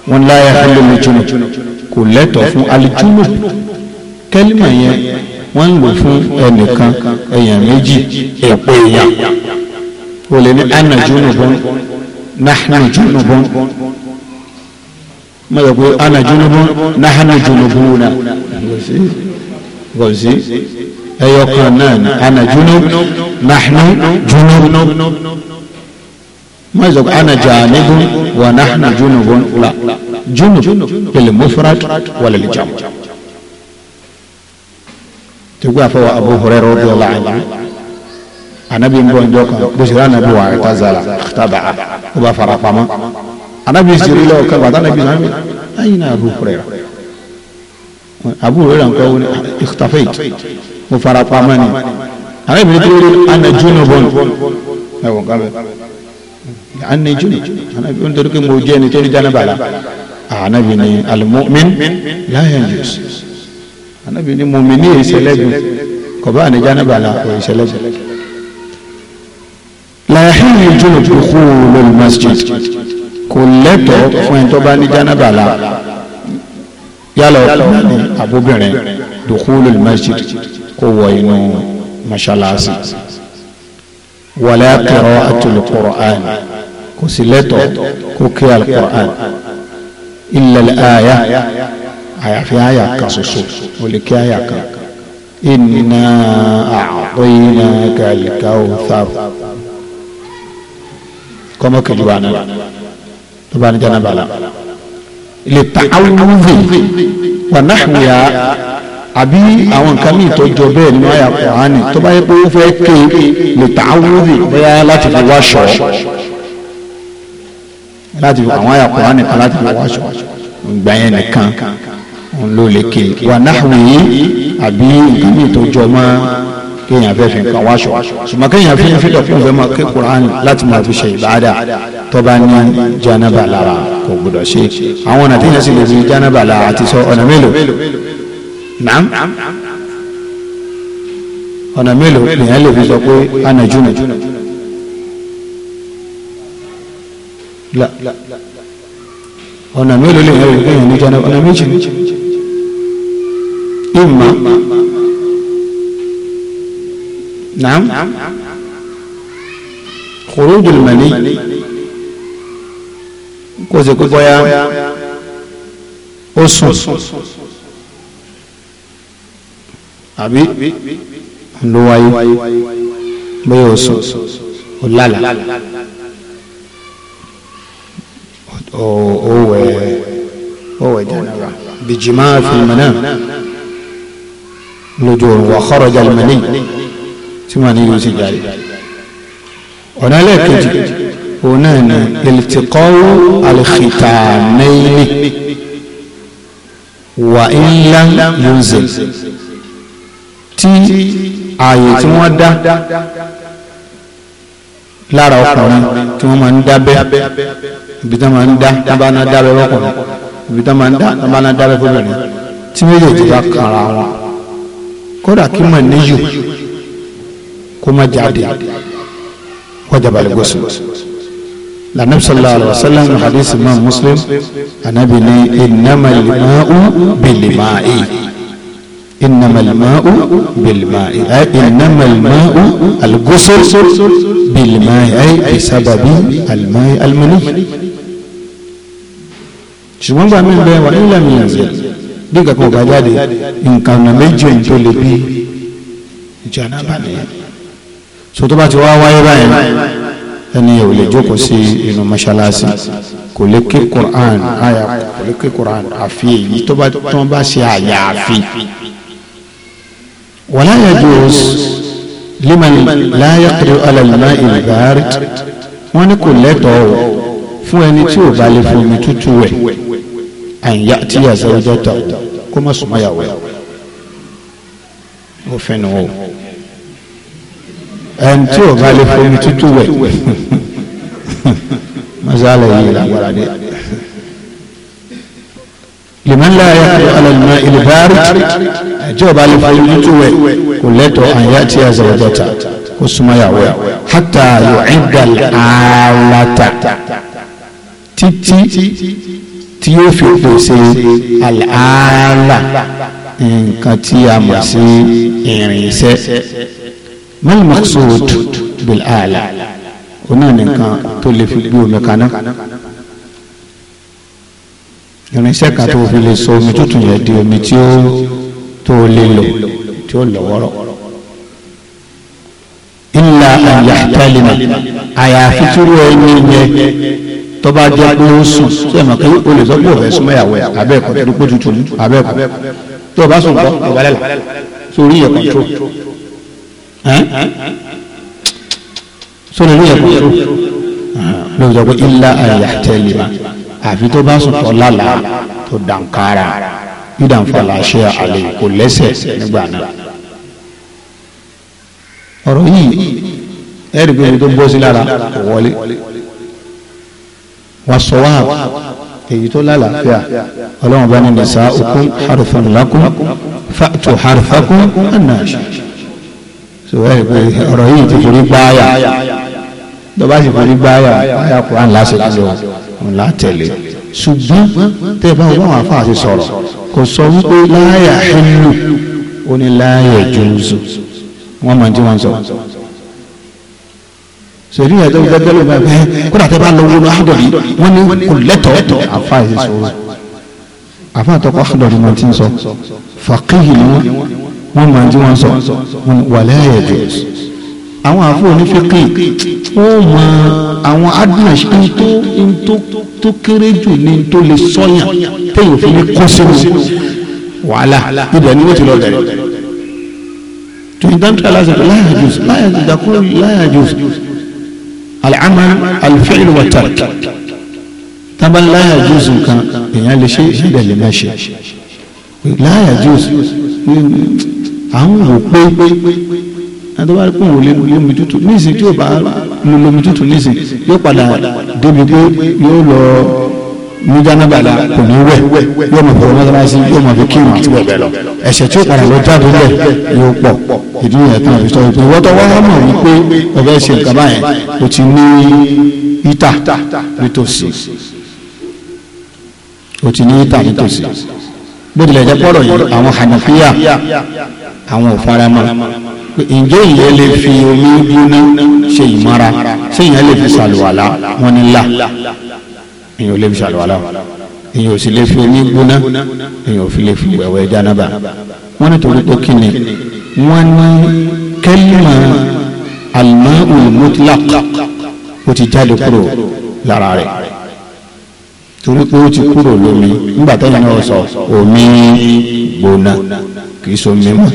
wọn láyà hálẹ́lẹ́ jùlọ kò lẹ́tọ̀ fún alijúmọ̀ kẹ́límà yẹn wọ́n ń lò fún ẹnìkan èèyàn méjì ẹ̀pọ̀ èèyàn o lè ní ana junubun nahnu junubun mo yẹ pé ana junubun nahnu junubuna gọ̀ọ̀sí ẹyọ kan náà ana junub nahnu junub má sọ pé ana janibun wa nahnu junubun la junub pèlè mufrad wàlẹ̀ jàm. tugbe afọwọ Abu Hurairah radiyallahu anhu anabi ń bọ̀ njọ́ kan bó ṣe rán anabi wà ẹ̀ta zara tàbà ó bá fara pamọ́ anabi ṣeré lọ kẹwàá tànàbí nàmi Abu Hurairah Abu Hurairah nǹkan wọn ìtàfẹ́ mo fara ni anabi ní kí ló rí anajúnubọ̀n aniju anabi nítorí pé mo jẹ́ ẹni tó rí jáde bàlá anabi ni alimomin layanjus anabi ni mumini ìṣẹlẹ́gbin kọ̀bá ni jáde bàlá kò ìṣẹlẹ́gbin. làyàhìn yìí jùlọ tó kú lórí masjid kò lẹ́tọ̀ọ́ fún ẹni tó bá ní jáde bàlá yálà ọkùnrin ni abóbìnrin dukhulul masjid kó wọ inú wala qira'atul Qur'an kò sí lẹ́tọ̀ kó kí alukur'an ilẹ̀ aya àyàfi aya kan ṣoṣo ó lè kí aya kan inna a'tainaka al-kawthar kọ́mọ́ kejì wa náà tó bá ní jẹ́nàbà la lè ta awúrúvè wà náhùyà àbí àwọn nǹkan mí ìtọ́jọ bẹ́ẹ̀ nínú àyà kùránì tó bá yẹ pé fẹ́ ké lè ta awúrúvè bóyá láti fi wá ṣọ́ọ́ láti àwọn àyà kura nìkan láti fi wáṣọ gbà yẹn nìkan ló lè ké wà náhùn yìí àbí nǹkan mi tó jọ mọ́ kéèyàn fẹ́ fi nǹkan wáṣọ ṣùgbọ́n kéèyàn fi fi dọ̀kun fẹ́ máa ké Kùránì láti máa fi ṣe ìbáadà tó ní jánábà lára kò gbọdọ̀ ṣe àwọn ọ̀nà téèyàn sì lè fi jánábà lára àti sọ ọ̀nà mélòó nàám ọ̀nà mélòó lèèyàn lè fi sọ pé ànàjúnà la ọ̀nà mélòó lè yẹn èèyàn ní jẹ́nà ọ̀nà méjì ìmọ̀ naam khurujul mani kò sí pé bóyá ó sùn àbí ló wáyé bóyá ó sùn ó lálàá ó oh, wẹ̀ oh, ó eh. wẹ̀ oh, eh, jẹnaba bìjìmá fìlìmọ́nà lójú oorun wà kọ́rọ̀ jalimani tí wọ́n ní yóò sì jáde ọ̀nà ẹlẹ́ẹ̀kejì òun náà ní ìlìtìkọ́wó alìkìtàmẹ́yìnì wà ńlá yunzil tí ààyè tí wọ́n dá lára ọkùnrin tí wọ́n máa ń dábẹ́ ibi tó máa ń dá tábà náà dábẹ́ lọ́kùnrin ibi tó máa ń dá tábà náà dábẹ́ fúnbẹ̀rẹ̀ tí méjèèjì bá kara wọn kódà kí mọ̀ níyù kó má jáde wọ́n jabalẹ̀ gọ́sù lànàbí sallallahu alaihi wasallam hadith imam muslim anabi ni innamal ma'u bil ma'i innamal ma'u bil ma'i ay innamal ma'u al ghusl bil ma'i ay bi sababi al ma'i al mani ṣùgbọ́n gbà mí bẹ́ẹ̀ wà nílẹ̀ mi lẹ́sẹ̀ bí kankan ọ̀gá jáde nǹkan ọ̀nà méjì ẹ̀yìn tó lè bí jànábà nìyẹn so tó bá ti wá wáyé báyìí ẹni yẹn ò lè jókòó sí inú mọ́ṣáláṣí kò lè ké Qur'an àyà kò lè ké Qur'an àfi èyí tó bá tó bá ṣe àyàfi wala yajuz liman la yaqdiru ala al-ma'i al-barid wọ́n ní kò lẹ́tọ̀ọ́ fún ẹni tí ò bá lè fomi tútù wẹ̀ àyìnyá tí yàtọ̀ ọjọ́ ta kó má sùnmọ́ yàwó yàwó ó fẹ́ nu o ẹni tí ò bá lè fomi tútù wẹ̀ mazala yìí lágbára dé. لمن لا يقدر على الماء البارد جواب على فايلته كلته أن يأتي زوجته كسما يعوي حتى يعد الآلة تتي tí yóò fi pèsè àlàálà nǹkan tí a mọ̀ sí irinṣẹ́ mal maqsud bil àlà oní nǹkan tó lè fi gbé omi kaná irinṣẹ́ kan tó fi lè sọ omi tútù yẹn di omi tí ó tó lè lò tí ó lọ́wọ́rọ́ illa an yahtalima àyàfi túrú ẹni yẹn tọ́ba jẹ́ pé ó sùn sẹ́mi pé o lè sọ pé o fẹ́ súnmọ́ ìyàwó ẹ̀ abẹ́ẹ̀kọ́ tó dúpọ̀ tuntun abẹ́ẹ̀kọ́ tó o bá sùn kọ́ o bá lẹ́la sórí yẹ kọ́ńtró sórí yẹ kọ́ńtró ló ń sọ pé ilá ayà tẹ̀lé ma àfi tó bá sùn tọ́ lálá tó dànkára ìdànfàlà ṣe àlè kò lẹ́sẹ̀ nígbà náà ọ̀rọ̀ yìí ẹ̀rí tó bọ́ sí lára kò wọlé wọ́n sọ wá èyí tó lálàáfíà ọlọ́run bá ní nìsa òkú harfun lakum fa'tu harfakum annash sọ̀rọ̀ ọ̀rọ̀ yìí ti forí gbáyà dọ́bà sì forí gbáyà àyà Qur'an lásìkò lọ òun látẹ̀lé ṣùgbọ́n tẹ́ bá wọn àfa àti sọ̀rọ̀ kò sọ wípé láyà hinnu ó ní láyà jùlùsù wọ́n mọ̀ tí wọ́n sọ sèrí yẹn tó ń dẹ́gbẹ́ ló máa fẹ́ kódà tẹ́ bá lọ wọnú àádọ́rì wọ́n ní kò lẹ́tọ̀ọ́ àfa yìí sọ àfa àtọkọ àádọ́rì máa ti ń sọ fàkìyì ni wọ́n wọ́n máa ti wọ́n sọ wọ́n wàlẹ́ ẹ̀dọ́ àwọn àfọ onífẹ́kì ó mọ àwọn adnash ní tó ní tó kéré jù ní tó lè sọyàn téèyàn fi ní kó sínú wàhálà ibẹ̀ ni wọ́n ti lọ bẹ̀rẹ̀ tó ìdáńtà aláṣẹ láyà jùs láyà jùs العمل، الفعل al-fi'l لا tark tábà la yajuz nǹkan èèyàn lè ṣe ìṣẹ̀lẹ̀ lè má ṣe la yajuz àwọn wò pé àtọ́wá pé òun lè lómi tútù níìsín tí yóò bá lo lómi tútù níìsín yóò padà débi pé yóò lọ ní jánábàlà kò ní wẹ̀ yóò mọ̀ fọwọ́ mọ́tàlá yóò mọ̀ fi kírun àti bẹ́ẹ̀ lọ ẹ̀ṣẹ̀ tí ó padà lọ jáde lẹ̀ yóò pọ̀ ìdí yẹn tó àbí sọ ìpè wọ́tọ́ wá mọ̀ wípé ọ̀bẹ ṣe nǹkan báyẹn o ti ní ìta nítòsí o ti ní ìta nítòsí bó tilẹ̀ jẹ́ pọ̀rọ̀ yìí àwọn hànàfíà àwọn ò faramọ́ ǹjẹ́ ìyẹn lè fi omi gbóná ṣe ìmara ṣé ìyẹn lè fi ṣàlùwàlá wọn ni là ìyẹn ò lè fi ṣàlùwàlá wọn èyàn ò sì lè fi omi gbóná èyàn ò fi lè fi wẹ̀wẹ̀ jánábà wọ́n ní torí pé kí ni wọ́n ní kẹ́lìmọ̀ al-ma'ul o ó ti jáde kúrò lára rẹ̀ torí pé ó ti kúrò lómi nígbà tẹ́yìn náà sọ omi gbóná kì í so mímọ́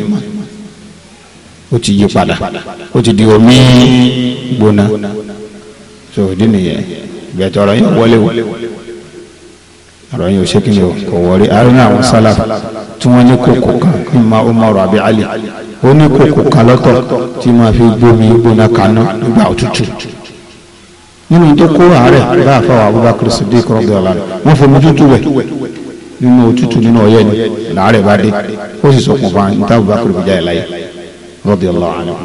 ó ti yí padà ó ti di omi gbóná so ìdí nìyẹn gbẹ̀tọ̀rọ̀ yẹn wọlé wọlé wọlé ọ̀rọ̀ yìí ò ṣe kíni kò wọlé àárín àwọn sálàf tí wọ́n ní kòkò kan ní ma Umaru àbí Ali ó ní kòkò kan lọ́tọ̀ tí máa fi gbómi gbóná kaná nígbà òtútù nínú tó kó àárẹ̀ bá àfàwọ̀ Abubakar Siddiq radiyallahu wọ́n fọmọ tútù wẹ̀ nínú òtútù nínú ọyẹ́ ni làárẹ̀ bá dé ó sì sọkùn fún un tá Abubakar fi jáde láyé radiyallahu anhu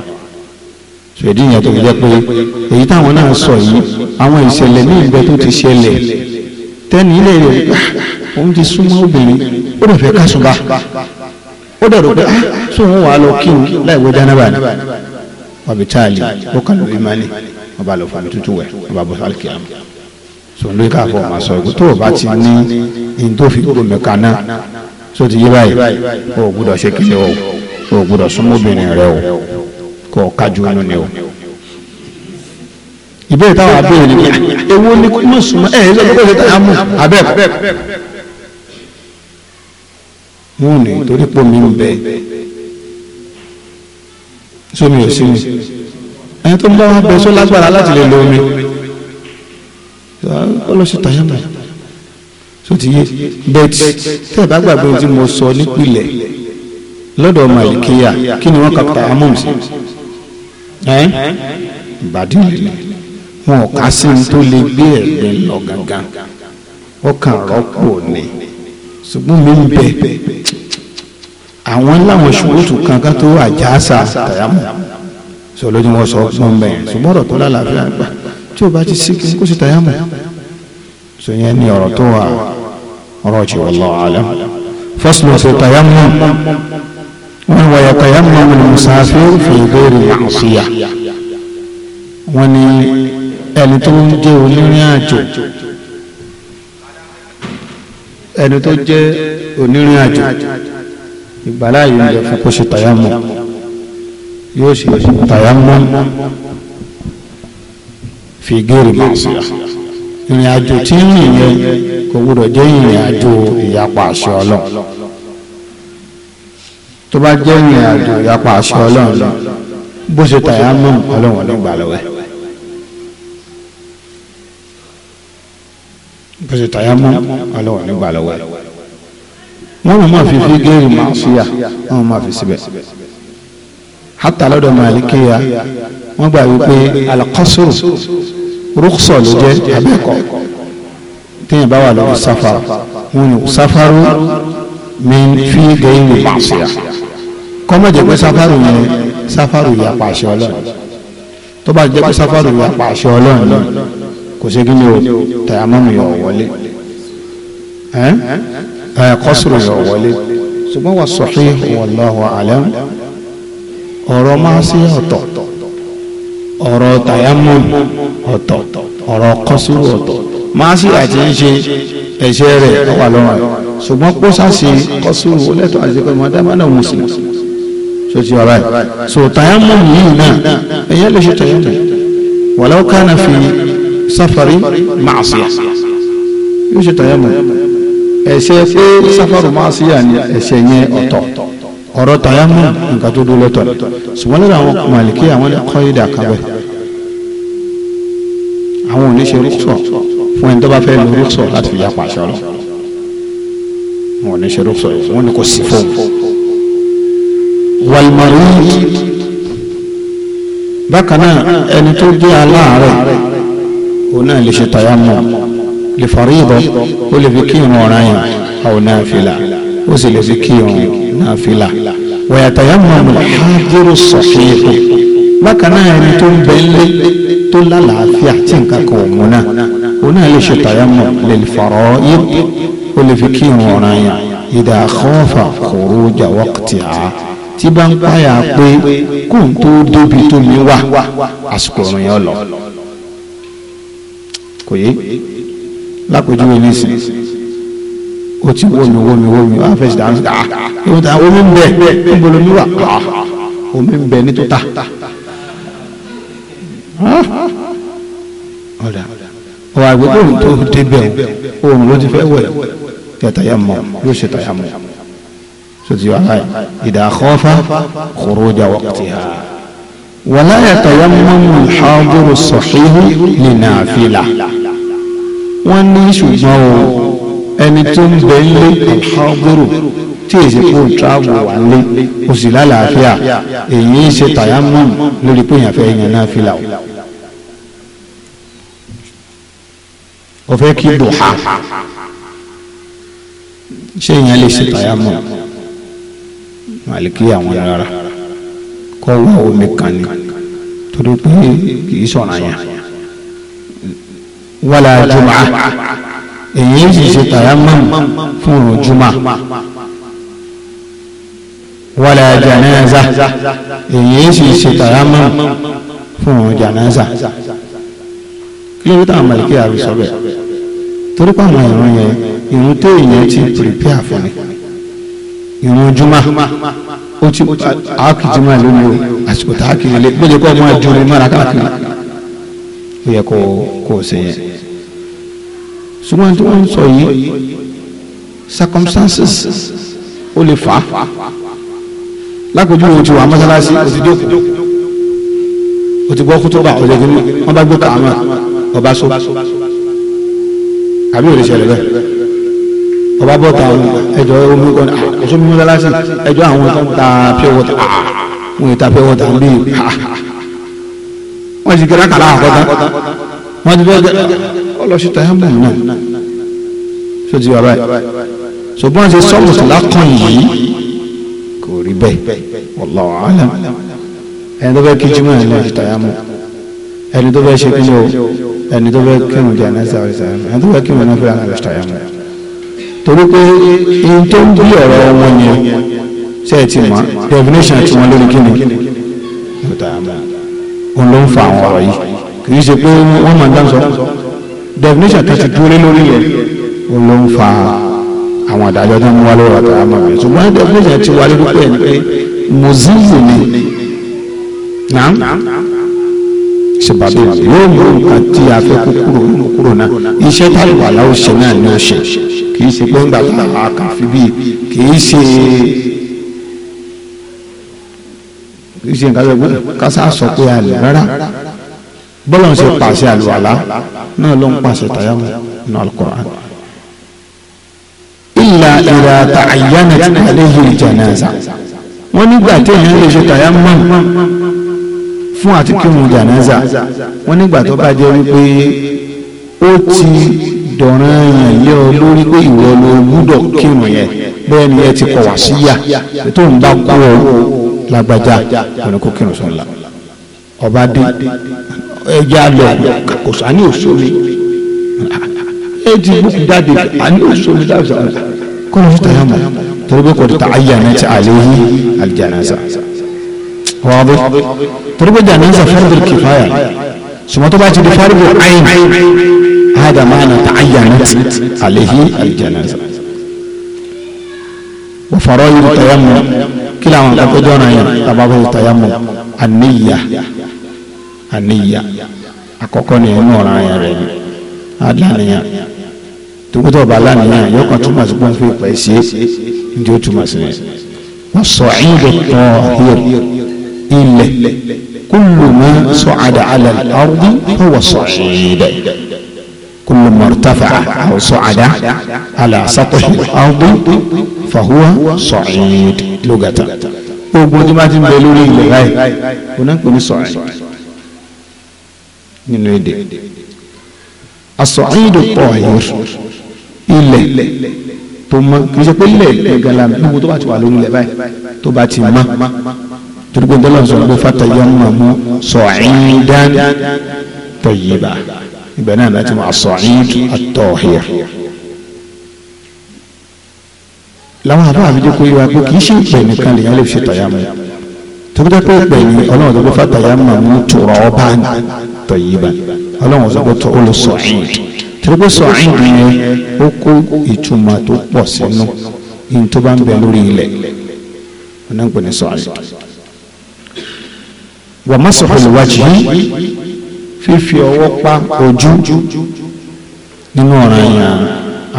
ṣèdí ìyẹn tó fi jẹ́ pé èyí táwọn náà sọ yìí àwọn ìṣẹ̀lẹ̀ ní ìgbẹ́ tó ti ṣẹlẹ̀ tẹ́ni ilé rẹ̀ gbà òun ti súnmọ́ obìnrin ó dẹ̀ fẹ́ ká sùn bá ó dẹ̀ rò pé ah sóun wà á lọ kí n láì wọ jánábà ni wàbí táàlì ó kàn lóbi máa ní ọba lọ fún tuntun wẹ̀ ọba bọ́ sálì kìlámù sòun ló ká fọ́ ọmọ sọ ìgbó tó o bá ti ní ihun tó fi gbòmí kaná só ti yé báyìí o ò gbúdọ̀ ṣe kìlẹ̀ o ò gbúdọ̀ súnmọ́ obìnrin rẹ o kò kájú inú ni o ìbéèrè táwọn abéèrè ni ewu ni kó mọ̀ súnmọ́ ẹ̀ ẹ̀ lọ́dọ́ bẹ́ẹ̀ tàyà mú abẹ́ẹ̀kọ́ wọn ò ní torí pọ̀ mi ń bẹ sómi ò sí mi ẹni tó ń bá wọn bẹ só lágbára láti lè lo omi ọlọ́sí tàyà mọ̀ tó ti yé bẹ́ẹ̀ tẹ́ ẹ̀ bá gbàgbé ohun tí mo sọ nípìnlẹ̀ lọ́dọ̀ màlìkéyà kí ni wọ́n kà tàyà mọ̀ sí ẹ́ ìbàdí ìlẹ̀ wọn ò ká sí ní tó lè gbé ẹ̀gbẹ́ lọ gangan ó kàn ni ṣùgbọ́n mi ń bẹ àwọn láwọn ṣubútù kankan tó àjàsà tàyàmù sọ lójú wọn sọ fún bẹ́ẹ̀ ṣùgbọ́n ọ̀rọ̀ tó lálàáfíà gbà tí o bá ti sí kó sí tàyàmù sọ yẹn ni ọ̀rọ̀ tó wà ọ̀rọ̀ tí wallahu alam fọ́sùlù ṣe tàyàmù wọn wà tàyàmù al-musafir fi ghairi ma'siyah wọn ni ẹni tó ń jẹ́ onírìn àjò ẹni tó jẹ́ onírìn àjò ìgbàlá yìí ń jẹ fún kó ṣe tàyámọ̀ yóò ṣe tàyámọ̀ fi géèrè máa ṣe ìrìn àjò tí ń rìn yẹn kò gbọdọ̀ jẹ́ ìrìn àjò ìyapa àṣẹ ọlọ́run tó bá jẹ́ ìrìn àjò ìyapa àṣẹ ọlọ́run bó ṣe tàyámọ̀ ọlọ́run ọlọ́gbàlọ́wẹ́. bó ṣe tàyà mọ́ ọlọ́wọ́ nígbà lọ́wọ́ ẹ̀ wọ́n máa fi fi géèrè máa fi yà wọ́n máa fi síbẹ̀ hátà lọ́dọ̀ màlíkéya wọ́n gbà wípé alakọ́sọ̀rọ̀ rúkṣọ̀ ló jẹ́ abẹ́kọ̀ téèyàn bá wà lórí sáfàrà wọn ni sáfàrù mi fi géèrè máa fi yà kọ́mọ̀jẹ̀ pé sáfàrù yẹn sáfàrù yà pàṣẹ ọlọ́run tó bá jẹ́ pé sáfàrù yà pàṣẹ ọlọ́run lọ́run kò ṣe kí ni o tàyàmọ́mù yọ̀ wọlé ẹ kọ́sùrù yọ̀ wọlé ṣùgbọ́n wà sọ̀hí wallahu alam ọ̀rọ̀ máa sí ọ̀tọ̀ ọ̀rọ̀ tàyàmọ́mù ọ̀tọ̀ ọ̀rọ̀ kọ́sùrù ọ̀tọ̀ máa sí àti ń ṣe ẹ̀ṣẹ̀ rẹ̀ ọ̀wà lọ́wọ́ ṣùgbọ́n pósàsì kọ́sùrù olẹ́tọ̀ àti ìkọ́mọ adámánà mùsùlùmí so ti ọ̀rá so tàyàmọ́mù yìí náà ẹ̀yẹ́ lè ṣe tàyàmọ́mù walau kana fi Safari màásíà yóò ṣe tàyẹ̀mù ẹ̀ṣẹ̀ pé sáfàrí màásíà ni ẹ̀ṣẹ̀ yẹn ọ̀tọ̀ ọ̀rọ̀ tàyẹ̀mù nǹkan tó dúró lọ́tọ̀ ṣùgbọ́n lọ́dọ̀ àwọn màlìkí àwọn kọ́ ìdà kábẹ́ àwọn ò ní ṣe rúkṣọ̀ fún ẹni tó bá fẹ́ lo rúkṣọ̀ láti fi yapa aṣọ lọ wọn ò ní ṣe rúkṣọ̀ yìí wọn ni kò sí fóun wàlùmọ̀rún bákan náà ẹni tó jẹ́ aláàárẹ̀ òun náà lè ṣe tàyámù lè fàrí ìbọn ó lè fi kírun ọ̀ràn yẹn àwọn náà fìlà ó sì lè fi kírun náà fìlà wàyàtàyámù àmàlàdúró sọ̀fìyẹ̀kù bákan náà ẹni tó ń bẹ ńlé tó lálàáfíà tí nǹkan kan òun náà òun náà lè ṣe tàyámù lè fàrọ̀ yẹn ó lè fi kírun ọ̀ràn yẹn ìdá àkọ́fà kòrò jà wọ́kìtì àá tí bá ń páyà pé kóun mi wà àsìkò kò yé lápèjúwe nísìn o ti wọmi wọmi wọmi wà fẹsẹ̀ dáhùn ah ìwọ̀n ta omi ń bẹ níbolo mi wà ah omi ń bẹ ní tó ta ọ̀dà ọ̀wà àgbẹ̀kọ̀ tó débẹ̀ òun ló ti fẹ́ wẹ̀ tẹ̀tàyà mọ̀ yóò ṣe tàyà mọ̀ sotí wà láyé ìdá àkọ́fà kòrójà wọ́pútì ha. wàláyà tàyà mọ̀ mọ̀ ṣáàbùrù sọ̀híhù ní nàáfíìlà wọ́n ní ṣùgbọ́n o ẹni tó ń bẹ nílé alhadoro tí èsì kò tíráàbù wà lé kò sì lálàáfíà èyí ṣe tàyámọ́mù lórí pé èèyàn fẹ́ yẹn náà fi là o. o fẹ́ kí dùhà ṣé èèyàn lè ṣe tàyámọ́mù màlìkí àwọn rárá kọ́ wá omi kan ni torí pé kì í sọ̀rọ̀ àyàn wàlà jùmọ̀ èyí sì ṣe tàyámọ̀mù fún òrùn jùmọ̀ wàlà jànáza èyí sì ṣe tàyámọ̀mù fún òrùn jànáza kí ló dé àwọn màlìkí àrùsọ bẹ́ẹ̀ torí pé àwọn ìran yẹn ìrun tó èèyàn ti prepare fún ni ìrun jùmọ̀ ó ti àákìjùmọ̀ lónìí àsìkò tààkì ilé gbọ́dọ̀ kọ́ ọmọ ìjọba mọ́ra káàkiri yẹ kó kó o ṣe yẹ ṣùgbọ́n tí wọ́n ń sọ yìí circumstances ó lè fà á lákòójú wọn ti wà mọ́sálásí ó ti jókòó ó ti gbọ́ kútúbà ọ̀jẹ̀ kí wọ́n bá gbé kàámà ọba so àbí òrìṣẹ́ rẹ̀ bẹ́ẹ̀ ọba bọ́ ta ẹjọ́ omi kan ọ̀ṣọ́ mímú lásán ẹjọ́ àwọn tó ń ta pure water àwọn ah, ìta pure water ń bí yìí wọ́n ti gẹ́rẹ́ kàlá àkọ́tà wọ́n ti fẹ́ ọlọ́sí tàyámù náà ṣé ti wà báyìí ṣùgbọ́n ṣe sọ́mùsùn lákàn yìí kò rí bẹ́ẹ̀ wallahu alam ẹni tó fẹ́ kí jimá ẹni lọ́sí tàyámù ẹni tó fẹ́ ṣe kí ni o ẹni tó fẹ́ kírun jẹ́ ẹni sáré sáré ẹni tó fẹ́ kírun ẹni wọn yẹn ṣe ni òun ló ń fa àwọn ọ̀rọ̀ yìí kì í ṣe pé wọ́n máa ń dá sọ definition tó ti dúró lórí yẹn òun ló ń fa àwọn àdájọ́ tó ń mú wá lórí ọ̀tá àmọ́ rẹ̀ ṣùgbọ́n definition ti wá lórí pé ẹni pé mozizu ni naam sebabe yóò mú nǹkan tí a fẹ́ kó kúrò nínú kúrò náà iṣẹ́ táwọn wà láwùjọ náà ni ó ṣe kì í ṣe pé ń gbà tó àwọn akàfi bíi kì í ṣe kì í ṣe nǹkan gbogbo kásá sọ pé a lè rárá bọ́lá ń ṣe pàṣẹ àlùwàlá náà ló ń pàṣẹ tàyàmù ní alukur'an. ìlà ìlà ta àyànà tí àlejò ìjànàza wọn nígbà téèyàn lè ṣe tàyàmù fún àti kírun ìjànàza wọn nígbà tó bá jẹ́ wípé ó ti dọ̀ràn yàn yẹ ọ lórí pé ìwọ ló gbúdọ̀ kírun yẹn bẹ́ẹ̀ ni ẹ ti kọ̀ wá síyà tó ń bá kú ọ lágbájá wọn kò kírun sọ la ọba dé ẹjẹ alọ kò sọ àní òṣòmi ẹ ti bùkún jáde àní òṣòmi dáhùn sọ kọ́ ló fi tẹ̀yà mọ́ torí pé kò tó ta ayé àná ti àlẹ́ yìí àlìjànáza wàbí torí pé jànáza fardul kìfáyà sùmọ́tò bá ti di fardul ayin hada maana ta ayé àná ti àlẹ́ yìí àlìjànáza wọ́n fọ̀rọ̀ yìí tẹ̀yà mọ́ kí làwọn kan tó jọ́nà yẹn tàbá fẹ́ tayamọ̀ àníyà àníyà àkọ́kọ́ ni inú ọ̀ràn yẹn rẹ̀ ni àdánìyàn tókútó ọba aláníyàn yóò kàn túmọ̀ sí pọ́ńpé pẹ̀ sí ní o túmọ̀ sí rẹ̀ wọ́n sọ ẹ̀yìnbẹ̀ tọ́ ilẹ̀ kúlù mọ́ sọ àdá alẹ́ ọ̀rùn tó wọ́n sọ ẹ̀yìnbẹ̀. كل ما ارتفع أو صعد على سطح الأرض فهو صعيد lógata gbogbo tí wọ́n ti ń bẹ lórí ilẹ̀ báyìí kò náà pè ní sọ̀rọ̀ nínú èdè asọ̀rọ̀ pọ̀ ayọ̀ ilẹ̀ tó mọ kì í ṣe pé ilẹ̀ gẹ́gẹ́ la gbogbo tó bá ti wà lórí ilẹ̀ báyìí tó bá ti mọ́ turugbe dala sọ̀rọ̀ bẹ fata yammamu sọ̀ciidan tayyiba ibẹ̀ náà láti mọ asọ̀ciid at-tahir làwọn àbá àbíjọ pé wa pé kì í ṣe ìpè nìkan lèyàn lè ṣe tàyà mọ́ tó bí dẹ́pẹ́ ìpè ní ọlọ́run tó bí fa tàyà mọ́ mú tòrọ̀ ọba tọ̀yì bá ọlọ́run tó bí tọ́ ó lọ sọ ẹ̀yìn tó bí sọ ẹ̀yìn yẹn ó kó ìtumọ̀ tó pọ̀ sínú ní tó bá ń bẹ lórí ilẹ̀ ọ̀nà ń pè ní sọ ẹ̀yìn. wà má sọ pẹ̀lú wájú yìí fífi ọwọ́ pa ojú nínú ọ̀ràn yẹn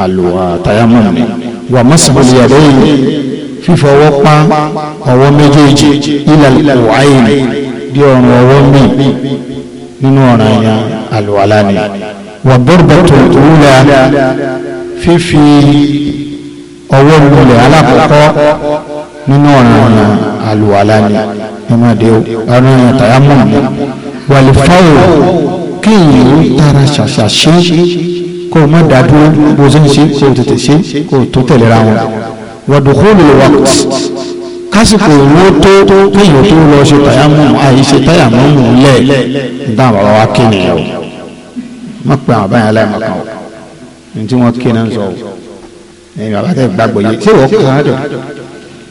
àlò àtàyà mi wà mọ́sàbọ̀lì yàdẹ́yìn fífọwọ́ pa ọwọ́ méjèèjì ilẹ̀ wáyìn bí ọ̀rùn ọwọ́ mi nínú ọ̀ràn ẹ̀yà àlùwàlá ni wà bọ́rọ̀bọ̀tò òwúlẹ̀ fífi ọwọ́ lulẹ̀ alákọ̀ọ́kọ́ nínú ọ̀ràn ẹ̀yà àlùwàlá ni nínú àdéhù ọ̀ràn ẹ̀yà tàyámọ̀ ni wàlífáwò kí èyí tara ṣàṣàṣe kó o má dàdúró bó o ṣe ń ṣe kó o tètè ṣe kó o tó tẹ̀léra wọn. wàdùkúlù wàkùtì kásìkò owó tó kéèyàn tó lọ ṣe tàyàmù àìṣe tàyàmù lẹ̀ dá bàbá wa kí nìyẹn o má pè àwọn báyìí aláìmọ̀kan o ní tí wọ́n kí sọ o ẹ̀yin bàbá tẹ̀ gbàgbọ́ yìí ṣé wọ́n kọ́ ọ́ dọ̀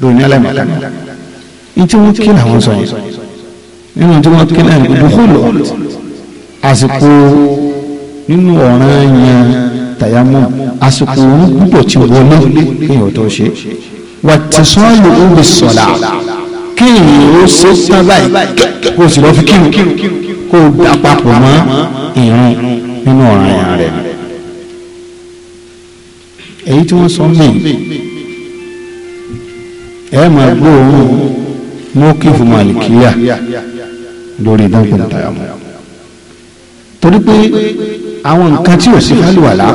lónìí aláìmọ̀kan náà ní tí wọ́n kí làwọn sọ yẹn nínú tí wọ́n kí náà ní dùkú àsìkò nínú ọ̀ràn yẹn tàyámọ́ àsìkò òun gbúdọ̀ ti wọlé kéèyàn tó ṣe wà tí sọ́ọ̀lù òbí sọ̀là kéèyàn ó ṣe sábà kó o sì lọ fi kírun kó o dà papọ̀ mọ́ ìrìn nínú ọ̀ràn yẹn rẹ̀ èyí tí wọ́n sọ mí ẹ máa gbọ́ òun mọ́kìfù màlìkíyà lórí ìdánwò tàyámọ́ torí pé àwọn nǹkan tí ò sí fún àlùwàlá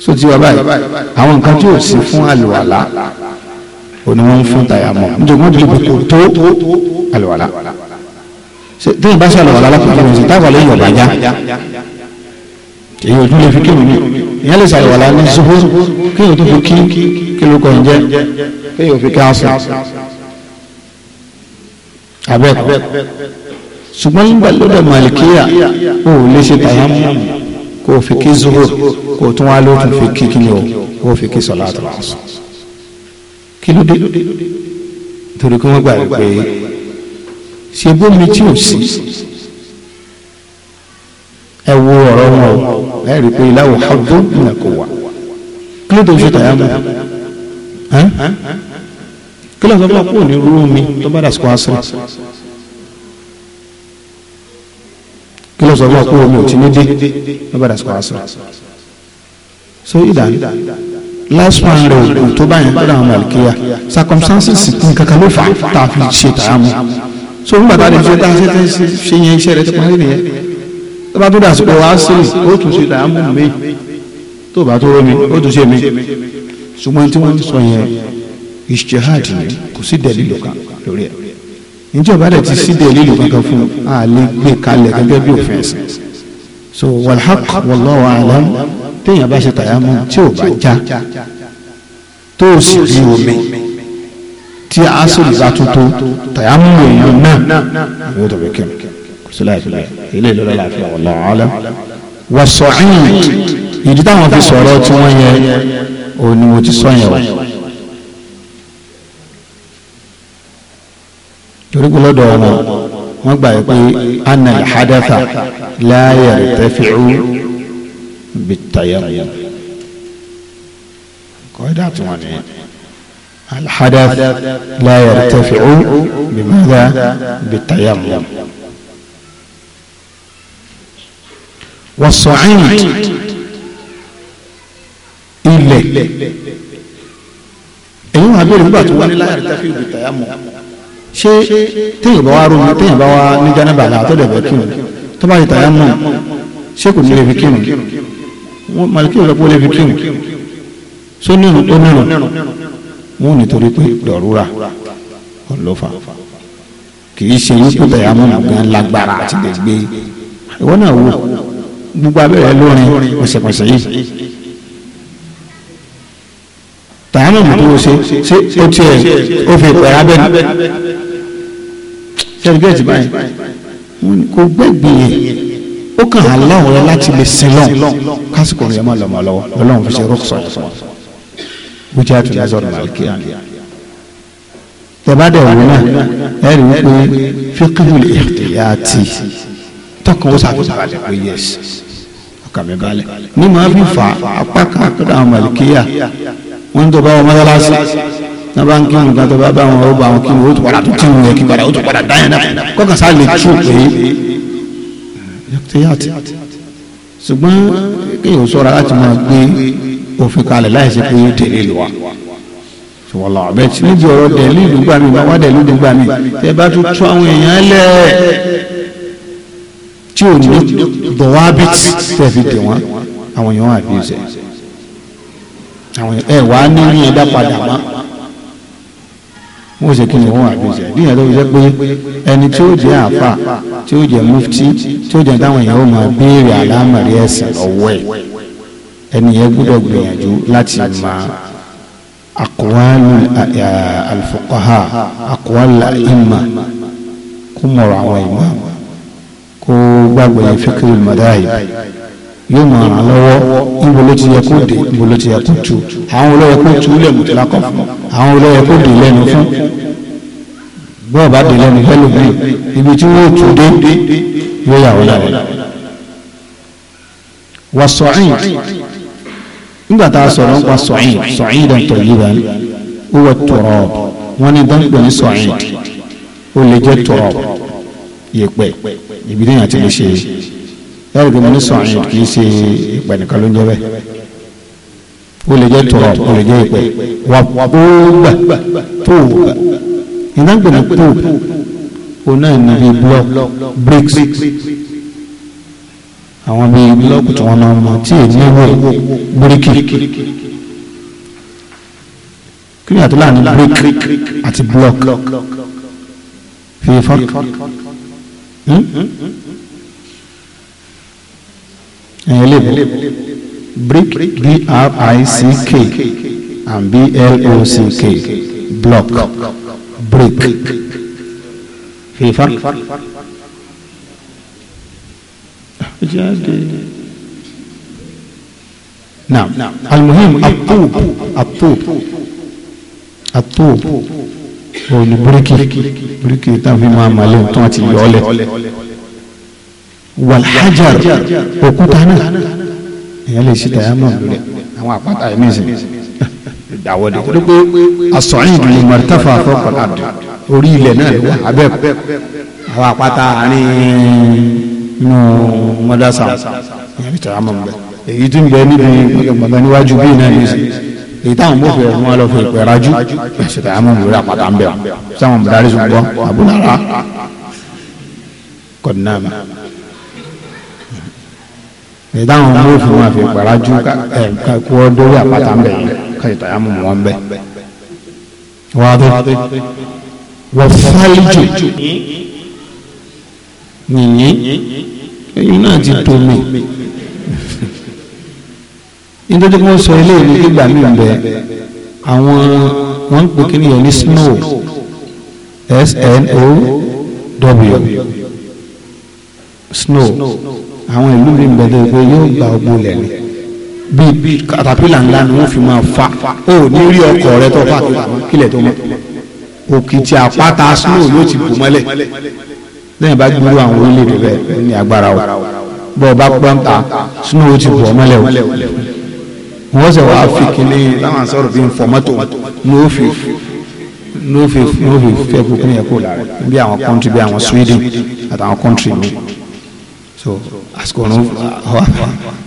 sotí wa báyìí àwọn nǹkan tí ò sí fún àlùwàlá òní wọn ń fún tàyàmọ́ nítorí wọn dìbò kò tó àlùwàlá tí ìbá sọ àlùwàlá lápapọ̀ ọ̀sẹ̀ táwọn lè yọ̀bà já èyí ojú lè fi kéwì ní ìyá lè sàlùwàlá ní ṣubú kéwì tó fi kí kílùkọ̀ ń jẹ́ kéwì ò fi ká sùn abẹ́kọ̀ ṣùgbọ́n nígbà lọ́dọ̀ malikiya o ò lè ṣe tayammum kò fi kí zuhur kò tún wá ló tún fi kí kíni o kò fi kí salatul asr kí ló dé torí kí wọ́n gbà pé ṣe bómi tí ò sí ẹ wo ọ̀rọ̀ wọn o ẹ rí i pé ìlàwọ̀ ọdún nà kò wà kí ló tó ń ṣe tayammum kí ló sọ fún wa kó o ní rú mi tó bá dà sí kó a sọ. yóò sọ fún ọ pé omi ò ti ní dé wọ́n padà sọ̀rọ̀ àṣọ. so ìdá last one rẹ̀ ògùn tó báyìí gbọ́dọ̀ àwọn mọ̀lìkíyà circumstances nǹkan kan ló fà á tá a fi ṣe tàá mu so nígbà tá a lè ṣe tá a ṣe tẹ́ ṣe yẹn iṣẹ́ rẹ̀ ti parí nìyẹn tó bá tó dà sí pé wàá sí ó tún ṣe tàá mú mi tó bá tó omi ó tún ṣe mi ṣùgbọ́n tí wọ́n ti sọ yẹn ìṣèhádìí kò sí dẹ̀lí lọ́kàn lórí ẹ̀ níjọba rẹ̀ ti sídẹ̀ lílo kankan fún a lè gbé kalẹ̀ gẹ́gẹ́ bí òfin so walhaq wallahu alam téèyàn bá ṣe tàyámú tí ò bá já tó o sì rí omi tí asòlù bá tuntun tàyámú èèyàn náà ìwé tó fi kẹ́mi kò sí láì fi lẹ̀ ilé ìlú lọ́la fi wallahu ìdí táwọn fi sọ̀rọ̀ tí wọ́n yẹ òun sọ yẹn o. torí pé lọ́dọ̀ wọn wọ́n gbà pé anna al-hadatha la yartafi'u bit-tayammum kọ́ńdà tí wọ́n ní al-hadath la yartafi'u bimadha bit-tayammum. والصعيد ilẹ̀ èyí wọn abẹ́rẹ́ nígbà tó wà ní láyà rẹ̀ tẹ́fì òbí ṣé téèyàn bá wá rómi téèyàn bá wá ní jánẹ́bà àlà tó dẹ̀bẹ̀ kírun tó bá yẹ tàyà mọ̀ ṣé kò ní lè fi kírun màlìkí òkè kó lè fi kírun só nírun tó nírun wọn ò nítorí pé dọ̀rúra ọlọ́fà kì í ṣe wípé tàyà mọ̀ gan lágbára àti gbẹgbẹ ìwọ náà wò gbogbo abẹ́rẹ́ lórin ọ̀sẹ̀kọ̀sẹ̀ yìí tààmù tó o ṣe ṣé ó tiẹ̀ ó fi pẹ̀lú abẹ́nu ṣẹ́dígẹ́tì báyìí kò gbẹ́gbẹ́ yẹn ó kàn án lọ́wọ́ rẹ láti lè sin lọ́n kásìkò rẹ máa lọ́mọ lọ́wọ́ ọlọ́run fi ṣe rọ́ọ̀sọ̀ wíjà tó ní azọ́rọ̀ màlìkíyà tẹ̀bá dẹ̀ wò náà ẹ̀ rí wípé fíkìlì ìyàtì tọkàn ó sàkóso pé yẹs ọkàn mi balẹ̀ ní màá fi fà apá kan àkọ́dọ̀ àwọn màlìkíyà wọ́n ń tọ́ba wọn mọ́sálásí náà bá ń kí nǹkan tó bá bá wọn ó bá wọn kí wọn ó tún padà tó tún yẹ kí padà ó tún padà dáyẹn náà kọ́kàn sá lè tún pé yàtìyàtì ṣùgbọ́n kéèyàn sọ̀rọ̀ láti máa gbé òfin kalẹ̀ láìsí pé yóò tẹ̀lé lù wá wọ́lá ọ̀bẹ tí níbi ọ̀rọ̀ dẹ̀lú ìlú gbà mí bàbá dẹ̀lú ìlú gbà mí tẹ bá tún tún àwọn èèyàn lẹ̀ tí ò ní dọ̀wábìtì tẹ̀ fi dẹ̀ wọ́n àwọn èèyàn àbí ìṣẹ̀ àwọn ẹ wàá ní ní ẹ̀dá padà má wọ́n ṣe kí ni wọ́n àgbèsè àdéhùn ẹ̀dá wíṣẹ́ pé ẹni tí ó jẹ́ àfà tí ó jẹ́ mufti tí ó jẹ́ táwọn èèyàn ó máa béèrè àlámọ̀rí ẹ̀sìn lọ́wọ́ ẹ̀ ẹni yẹn gbọ́dọ̀ gbìyànjú láti máa akọ̀wálù alfuqaha akọ̀wálù ìmà kó mọ̀rọ̀ àwọn ìmọ̀ kó gbàgbọ́ yẹn fiqhul madahib. yóò máa ràn lọwọ níbo ló ti yẹ kó dé níbo ló ti yẹ kó tu àwọn olóyè kó tu lè mú fún àwọn olóyè kó dé fún bá dé ibi tí wọ́n tu dé yóò yà wọ́n wa sọ̀yìn nígbà tá a sọ̀rọ̀ wa ó wọn ni dán pè ní sọ̀yìn ó lè jẹ́ ìbílẹ̀ lè ṣe lẹ́yìn tó mo ní sọ̀rọ̀ yìí kì í ṣe ìpẹ́ nìkan ló ń jẹ́ bẹ́ẹ̀ ó lè jẹ́ tọ̀rọ̀ ó lè jẹ́ ìpẹ́ wà póògbà póògbà ìdágbọ̀nà póògbà ó náà ní bíi block bricks àwọn bíi block tí wọ́n máa mọ tí èyí ní wọ́ọ̀ bíríkì kí ni àtúlà ní brick àti block fi ẹ̀yìn lè brick b-r-i-c-k and b-l-o-c-k block brick fìfà jáde. نعم المهم الطوب الطوب الطوب هو بريكي بريكي تنفي ما مالين تنتي يولي wàlhájàr òkúta náà èèyàn lè ṣe tàyà mọ̀ lórí àwọn àpáta yìí nìyẹn dàwọ́ de torí pé asọ̀yìn ìdùnnú mọ̀tàfà fọ́pọ̀ àdùn orí ilẹ̀ náà ló wà abẹ́ àwọn àpáta àárín inú mọ́dásà èèyàn lè tàyà mọ̀ lórí èyí tún bẹ níbi gbọ̀ngàn níwájú bíi náà nìyẹn èyí táwọn mọ̀ fẹ́ wọn lọ fẹ́ pẹ́ ṣe tàyà mọ̀ lórí àpáta ń bẹ̀ wọn sáwọn bùdárí sùn gbọ́ àbúrò ara kọ̀dínàmà ìdáhùn mú fún wọn fi gbàrájú kó ọ dórí àpáta ń bẹ yẹn ká ìtàyà mú wọn bẹ. wàá dé wọ́n fáìlì jù yìnyín ẹ̀yin náà ti tó mi nítorí wọ́n sọ eléyìí ní ìgbà mi ń bẹ àwọn wọ́n ń pè kí nìyẹn ní snow s n o w snow. snow àwọn ìlú mi bẹ̀ tó pé yóò gba ogun lẹ̀ ni bíi katapila ńlá ni wọ́n fi máa fa ó ní rí ọkọ̀ rẹ tó fà kílẹ̀ tó mọ́ òkìtì àpáta snow yóò ti bù mọ́lẹ̀ lẹ́yìn bá gbúrú àwọn orílẹ̀-èdè bẹ́ẹ̀ ní agbára o bọ́ọ̀ bá pọ́ńtà snow ti bù ọ́ mọ́lẹ̀ o wọ́n sọ wàá fi kínní táwọn sọ̀rọ̀ bí n ní ó fi ní ó fi fẹ́ kókó yẹn kó la bí àwọn kọ́ńtì bí àwọn Sweden àtàwọn kọ́ńtì mi so àsìkò no wa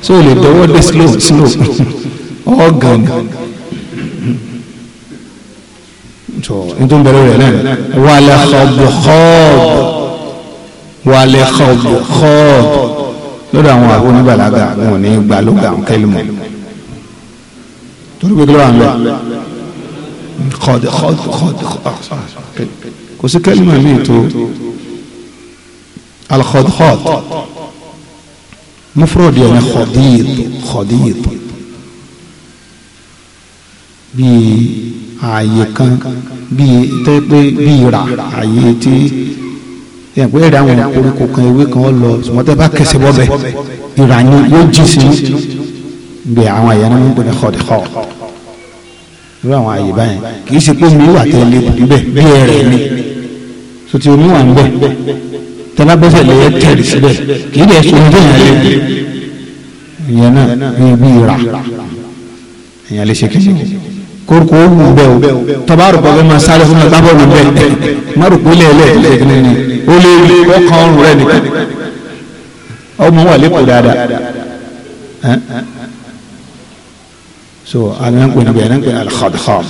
so o lè dọwọ́ dé slow slow ọ̀ gangan so n tó ń bẹ̀rẹ̀ rẹ̀ náà wàlẹ̀ xọ́bù xọ́ọ̀bù wàlẹ̀ xọ́bù xọ́ọ̀bù lọ́dọ̀ àwọn àwọn oníbàlágà wọn ò ní gbà ló gbà ń kẹ́lí mọ́ torí pé kí ló wà ń bẹ̀ xọ́ọ̀dù xọ́ọ̀dù kò sí kẹ́lí mọ́ tó alxọ́dù xọ́ọ̀dù mufrod yẹn ni xɔdiir xɔdiir bíi ààyè kan bíi tẹ́pẹ́ bíi ra ààyè tí yẹn pé èrè àwọn koríko kan ewé kan lọ sùmọ́tẹ́ bá kẹsẹ̀ bọ́bẹ̀ ìrà ni yóò jí sí gbé àwọn àyẹ̀ náà ń pè ní xɔdìxɔ irú àwọn àyè báyẹn kì í ṣe pé mi wà tẹ́lẹ̀ níbẹ̀ bí ẹ̀rẹ̀ ni sotí omi wà ń bẹ̀ tẹ́lá bẹ́sẹ̀ lè yẹ tẹ̀rì síbẹ̀ kì í dẹ̀ ṣe ojú yẹn lé ìyẹn náà ní ibi ìrà ìyẹn lè ṣe kéṣe kórìkò ó wù bẹ́ẹ̀ o tabaru bọ́lá máa sáré fún mi gbábọ́ mi bẹ́ẹ̀ márùkú lẹ́ẹ̀lẹ́ẹ̀ ó lé ọkàn ọrùn rẹ̀ nìkan ọmọ wà lẹ́kọ̀ọ́ dáadáa so àwọn ẹnkọ níbẹ̀ ẹnkọ alxadxad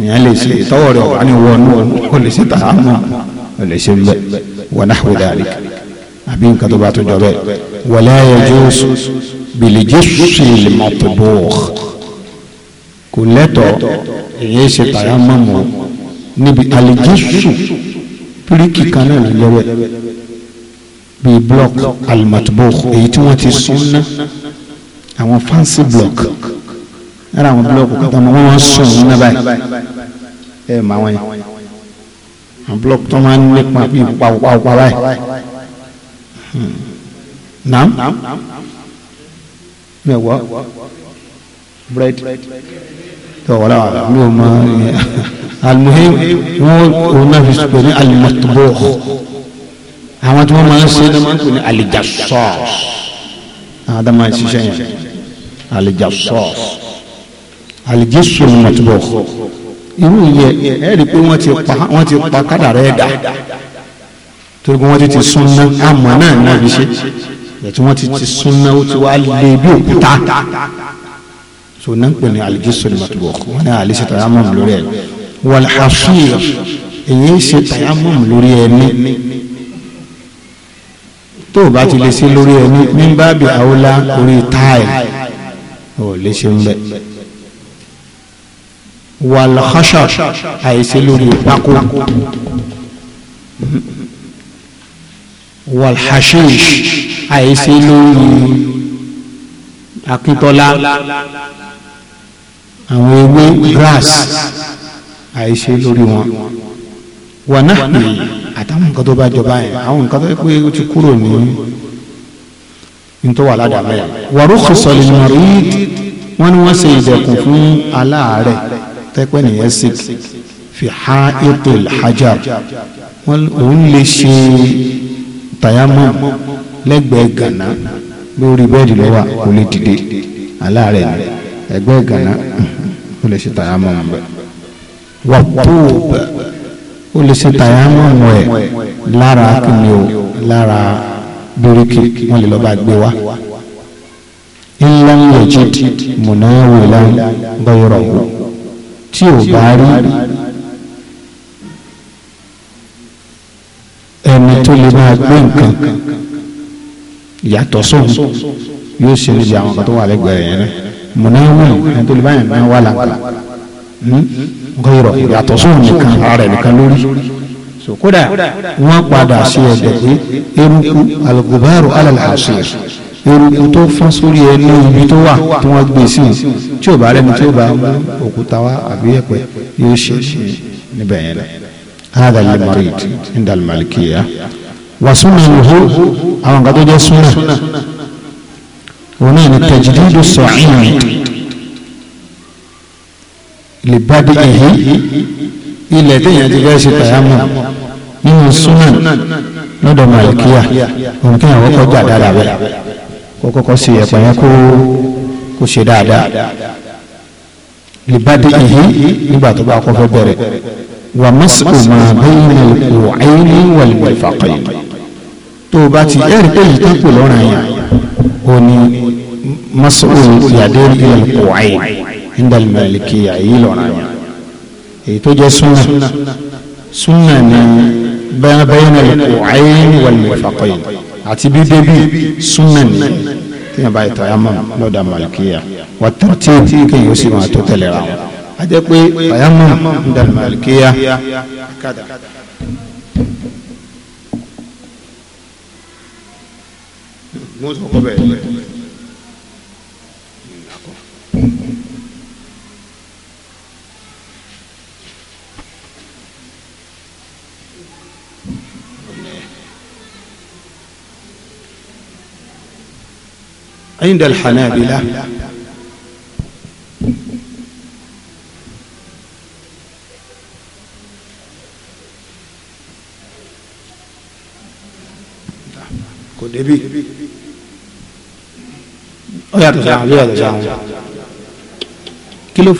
ìyẹn lè ṣe ìtọ́wọ̀ rẹ̀ ọ̀gá ni wọ́n ní wọ́n lè ṣe tàhámà lè ṣe bẹ́ẹ̀ wa nahwu dhalik àbí nǹkan tó bá tó jọ bẹ́ẹ̀ wala yajuz bil jishil matbukh kò lẹ́tọ̀ èyí ṣe tàyà mọ́mọ́ níbi alìjísù píríkì kan náà ló jẹ́ bẹ́ẹ̀ bíi block al-matbukh èyí tí wọ́n ti sún ná fancy block lára àwọn block kan tó wọ́n sún ná báyìí ẹ̀ máa wọ́n àwọn búlọ́ọ̀kì tó máa ń nípa bí pàwọ́pàwọ́ báyìí hmm. nam mẹ́wọ́ bread tó eh, wọ́n wà ní o ma alimuhim wọn ò náà fi sọ pé ní alimọtòbó àwọn tí wọ́n máa ń ṣe ní wọ́n pè ní alijasọ́ọ̀s àwọn adama ṣiṣẹ́ yẹn irú yẹn ẹ rí i pé wọ́n ti pa wọ́n ti pa kádàrá ẹ̀ dà torí pé wọ́n ti ti súnná àmọ́ náà náà fi ṣe ẹ̀tí wọ́n ti ti súnná ó ti wá lé bí òkúta so náà ń pè ní aligiso ní màtúbọ̀ wọ́n ní àlìsí tàyámọ̀mù lórí ẹ̀ wal hasir èyí ń ṣe tàyámọ̀mù lórí ẹni tó o bá ti lè ṣe lórí ẹni ní bábí àwòlá orí táì ò lè ṣe ń bẹ́ẹ̀ wàlúhàṣà àìsí lórí ìpákó wàlúhàṣíṣ àìsí lórí akíntọ́lá àwọn ewé grass àìsí lórí wọn wọnà àtàwọn nǹkan tó bá jọba yẹn àwọn nǹkan tó pé ó ti kúrò ní nítorí wà ládàá bẹ́ẹ̀. wàrúkọ̀sọ̀lì mọ̀rí wọn ni wọ́n ṣe ìdẹ̀kùn fún aláàárẹ̀ tẹ́pẹ́ nìyẹn sick fi ha ètò hajar wọn òun lè ṣe tayamum lẹ́gbẹ̀ẹ́ gànà lórí bẹ́ẹ̀dì lọ́wọ́ kò lè dìde aláàárẹ̀ ni ẹgbẹ́ gànà ó lè ṣe tayamum bẹ wà tóòbẹ ó lè ṣe tayamum ẹ lára kìnìún lára bíríkì wọn lè lọ gbé wa ńlá ń yọjú múnáwó lẹ́yìn gbọ́yọ̀rọ̀ wò tí ò bá rí ẹni tó lè máa gbé nǹkan yàtọ̀ sóhun yóò ṣe níbi àwọn kan tó wà lẹ́gbẹ̀ẹ́ yẹn náà mùnáwìn ẹni tó lè báyìí náà wà lápá hmm? gbọ́dọ̀ yàtọ̀ sóhun nìkan ara rẹ̀ nìkan lórí kódà wọ́n padà sí ẹ̀dẹ̀ pé eruku alugubaru alalhasir eruku tó fọ́n sórí ẹnu ibi tó wà tí wọ́n gbé sí tí ò bá rẹ́ni tí ó bá mú òkúta wá àbí ẹ̀pẹ̀ yóò ṣe níbẹ̀ yẹn lẹ. هذا المريض عند المالكية وسننه أو قد جاء سنة ونحن التجديد الصعيد لبدئه ilẹ̀ téèyàn ti fẹ́ ṣe tàyámù nínú súnà lọ́dọ̀ màlìkíyà òun kéèyàn kọ́kọ́ gbà dára bẹ́ẹ̀ kó kọ́kọ́ sí ẹ̀pà yẹn kó kó ṣe dáadáa lè bá dé ìhí nígbà tó bá kọ́kọ́ bẹ̀rẹ̀ wà mẹ́sìkò máa bẹ́yìn ẹ̀kọ́ àyíní wàlúwà ìfàkọ́yìn tó o bá ti ẹ̀rí pé yìí tán kò lọ́rùn àyàn ò ní mẹ́sìkò yàdé ẹ̀kọ́ àyìn ìdàlùmọ̀lẹ́kì àyè lọ́rùn àyàn èyí tó jẹ́ súnà súnà ni bẹ́yìn ẹ̀kọ́ àyíní wàlúwà ìfàkọ́yìn àti bídébí súnà ni kéèyàn bá ìtọ̀ ayámọ̀ lọ́dà màlìkíyà wà tẹ̀tí kéèyàn ó sì máa tó tẹ̀lé ra wọn. a jẹ́ pé ayámọ̀ lọ́dà màlìkíyà akada. mo sọ kọ́ bẹ́ẹ̀. عند الحنابلة. hanabila kò débi ó yàtọ̀ sí àwọn yàtọ̀ sí àwọn kí ló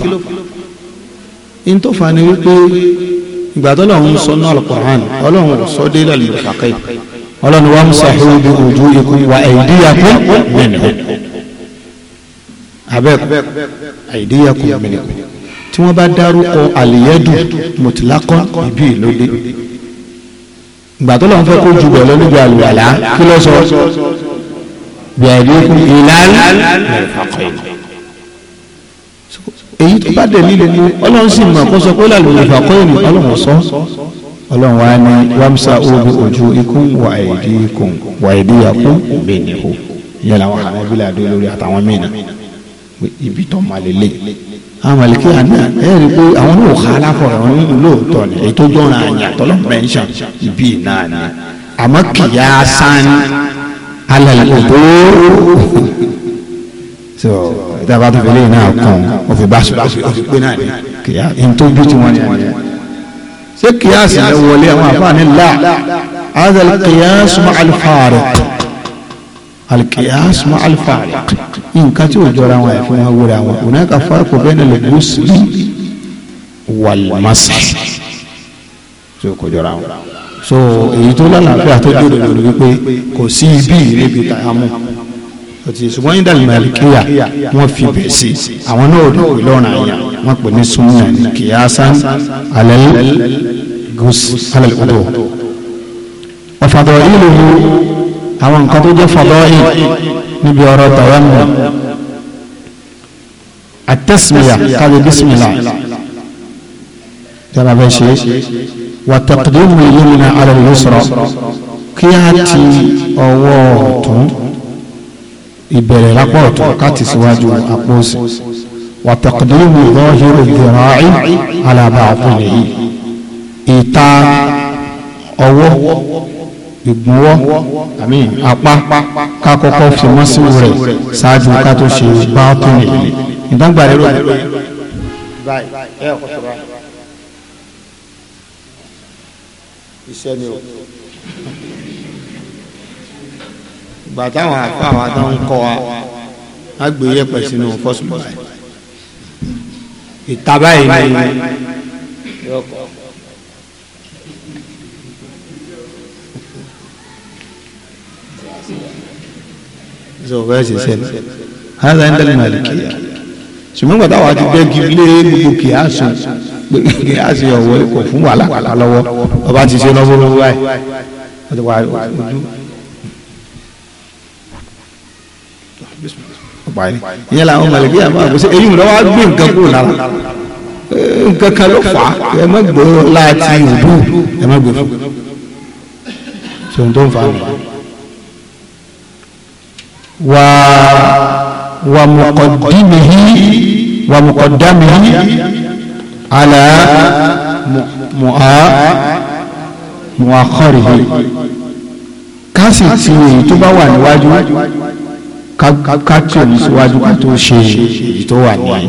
fà in ni wípé ìgbà tó lọ́wọ́ sọ náà al-Qur'an ọlọ́run sọ dé lálẹ́ ìfàkẹ́yì ọlọ́ni wọ́n sọ̀hún ibi ojú ikú wa àìdíyàkú mẹ́nìkú abẹ́kú àìdíyàkú mẹ́nìkú tí wọ́n bá dárúkọ àlìyẹ́dù mùtìlákọ́ ìbí ìlódé ìgbà tó lọ́n fẹ́ kó ju bẹ̀rẹ̀ lójú àlùwàlá kí ló sọ bí àìdíyàkú ìlànà èyí tó bá dẹ̀ nílé ọlọ́run sì mọ̀ kó sọ pé lálùwàlá kọ́ ìrìn ọlọ́run sọ ọlọ́run wa ni wàmsà òbí ojú ikún wà èdè ikún wà èdè yakún bẹ́ẹ̀ ni o ìyẹn làwọn àmọ́bílẹ̀ àdó lórí àtàwọn mìíràn ibi tó máa lè lè àwọn màlìkí àná ẹ rí i pé àwọn náà kà á lápò lóòótọ́ ni èyí tó jọra àyàn tọ́lọ́ ibi náà ni àmọ́ kìyà sán alẹ́ òbó so ìdábàá tó fi lè náà kàn ó fi bá sùn ó fi pé náà ni kìyà ntọ́jú tí wọ́n ní àná ṣé kíyàsì yẹn wọlé àwọn àfààní là àdà kíyàsì mọ alifààrẹ alikiyas mọ alifààrẹ nǹkan tí ò jọra wọn àìfún wọn wúra wọn òun náà ká fárúkọ bẹ́ẹ̀ ni lè gúúsù wàlmásì tí ò kò jọra wọn so èyí tó lálàáfíà tó dúró lórí wípé kò sí ibi ìrèbí tàyámù ṣùgbọ́n yín dàlí màlìkíyà wọ́n fi bẹ̀ sí àwọn náà rí pé lọ́rùn àyà wọ́n pè ní sunna ní kìyàsán alẹ́ alẹ́ odò ọ̀fàdọ̀ ìlú àwọn nǹkan tó jẹ́ fàdọ̀ yìí níbi ọ̀rọ̀ tàwámù àtẹ́sìmìyà kábi bísìmìlà yàrá bẹ́ẹ̀ ṣe wà taqdimu al-yumna ala al-yusra kí á ti ọwọ́ ọ̀tún ìbẹ̀rẹ̀ lápá ọ̀tún káàtì síwájú apá òsì wàtàkùdìmù lọ́hìrì dìráì alàbà àkùnrin yìí ìta ọwọ́ ìgbúnwọ́ àmín apá kákọ́kọ́ fi mọ́síwò rẹ̀ ṣáájú ká tó ṣe báàtúnì ìdágbà rẹ̀ rẹ̀ iṣẹ́ gbàtà àwọn àfa àwọn àtà ń kọ́ wa á gbé yẹ̀pẹ̀ sínú fọ́sùn báyìí ìta báyìí ni so bẹ́ẹ̀ sì sẹ́ni hàn sáyẹn tẹ́lẹ̀ màlìkì ṣùgbọ́n gbàtà àwọn àti bẹ́ẹ̀ gílé gbogbo kìí àṣọ pé kìí àṣọ ọ̀wọ́ kò fún wàhálà kàkà lọ́wọ́ ọba ti ṣe lọ́wọ́ lọ́wọ́ báyìí wọ́n ti wá parí ìyẹn làwọn mọ̀lẹ́bí àmọ́ àgbẹ̀sẹ̀ èyí ń lọ́wọ́ gbé nǹkan kúrò lára eh, nǹkan kan ló fà á ẹ má gbé láti òbú ẹ má gbé fún sọ̀rọ̀ tó ń fa mi. wà wà mọ̀kọ̀dìmìhì wà mọ̀kọ̀dàmìhì àlà mọ̀á mọ̀ákọ̀rìhì ká sì ti èyí tó bá wà níwájú ká tí òun síwájú ká tó ṣe èyí tó wà ní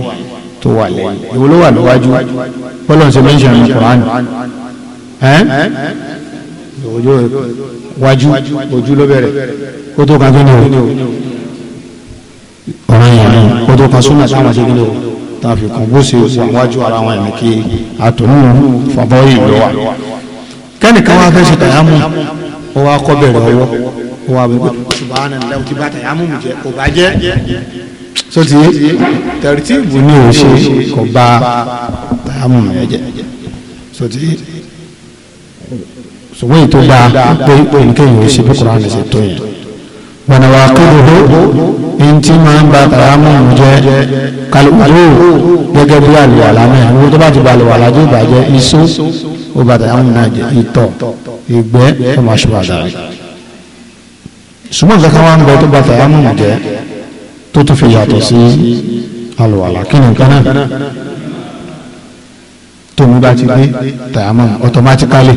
tó wà lẹ́yìn èwo ló wà níwájú bọ́lá ṣe méjì ní Quran ojú wájú ojú ló bẹ̀rẹ̀ kó tó kan kíni o ọ̀ràn yẹn ni kó tó kan súnmọ̀ sáwọn ṣe kíni o tààfi kan bó ṣe wà wájú ara wọn ẹ̀mí kí àtọ̀nù fàbọ́yì lọ́wọ́ kẹ́nìkan wá fẹ́ ṣe tàyámù ó wá kọ́ bẹ̀rẹ̀ ọwọ́ wà bẹ́ẹ̀ subhanallah ti bá tàyà mú mi jẹ kò bá jẹ so ti yé tẹ̀rìtìbù ni ò ṣe kò bá tàyà mú mi jẹ so ti yé ṣùgbọ́n èyí tó bá pé nkéyìn ò ṣe bí kúrò àná ṣe tó yẹn gbanawa kúrò ẹni tí máa ń ba tàyà mú mi jẹ kálukú gẹ́gẹ́ bí àlùwàlá náà owó tó bá ti ba àlùwàlá jẹ́ ìbàjẹ́ iṣó ó ba tàyà mú mi náà jẹ ìtọ̀ ìgbẹ́ ọmọ aṣọ àdàrẹ. Semua kankan wá ń bẹ tó bá tàyámùmù jẹ́ tó tún fi yàtọ̀ sí alùwàlà kí ni nǹkan náà tóun bá ti gbé tàyámùmù automatically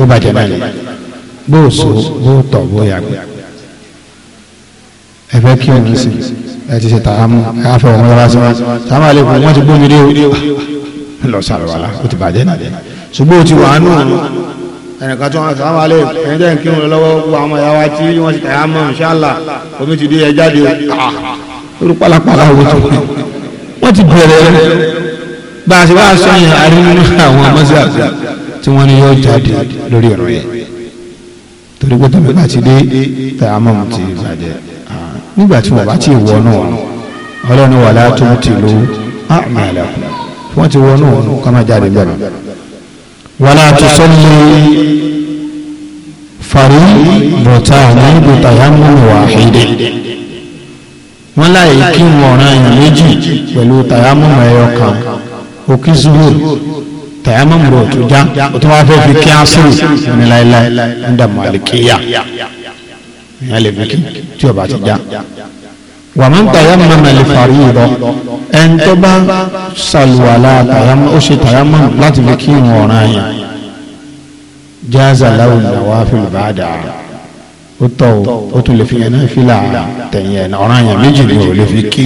ó bàjẹ́ báyìí bó o so bó o tọ̀ bó o yàgbẹ́ ẹ fẹ́ kí òun sí ẹ ti ṣe tàyámùmù ẹ á fẹ́ ẹnìkan tí wọ́n sọ àwọn alẹ́ ẹni tẹ́ ń kí wọn lọ́wọ́ gbogbo àwọn ìyá wa tí wọ́n sì tàyà mọ́ ṣáàlà omi ti dé ẹja de ah lórí pálapàla wo ti pè wọ́n ti bẹ̀rẹ̀ bá a ṣe wá sọ yẹn àrí nínú àwọn mọ́sálásí tí wọ́n ní yóò jáde lórí ọ̀rọ̀ yẹn torí pé tọ́lá bá ti dé tàyà mọ́ ti bàjẹ́ ah, nígbà tí wọ́n bá ti wọ náà ọlọ́run wà látọ́ ti lo àmàlà wọ́n ti wọ náà kọ́ jáde bẹ́ẹ̀ ولا تصلي فريضتان بتيمم واحد wọ́n láyé kí wọ́n ọ̀ràn èèyàn méjì pẹ̀lú tàyámọ̀mù ẹ̀yọ kan òkè zuhur tàyámọ̀mù rẹ̀ tó já ó tó wá fẹ́ fi kí ásùrù ní láéláé ń dààmú àlèkéyà ìyá lè fi kí tí ó ti já wàmú tàyámà mẹ́lẹ̀ fàrí ìrọ̀ ẹni tó bá ṣàlùwàlà tàyámà ó ṣe tàyámà láti fi kí ìrun ọ̀ràn yẹn jáàzà láwùn làwọn afi bá dà ó tọ̀ ó tún lè fi yẹn náà fi là tẹ̀yìn ẹ̀ ọ̀ràn yẹn méjì ni ò lè fi kí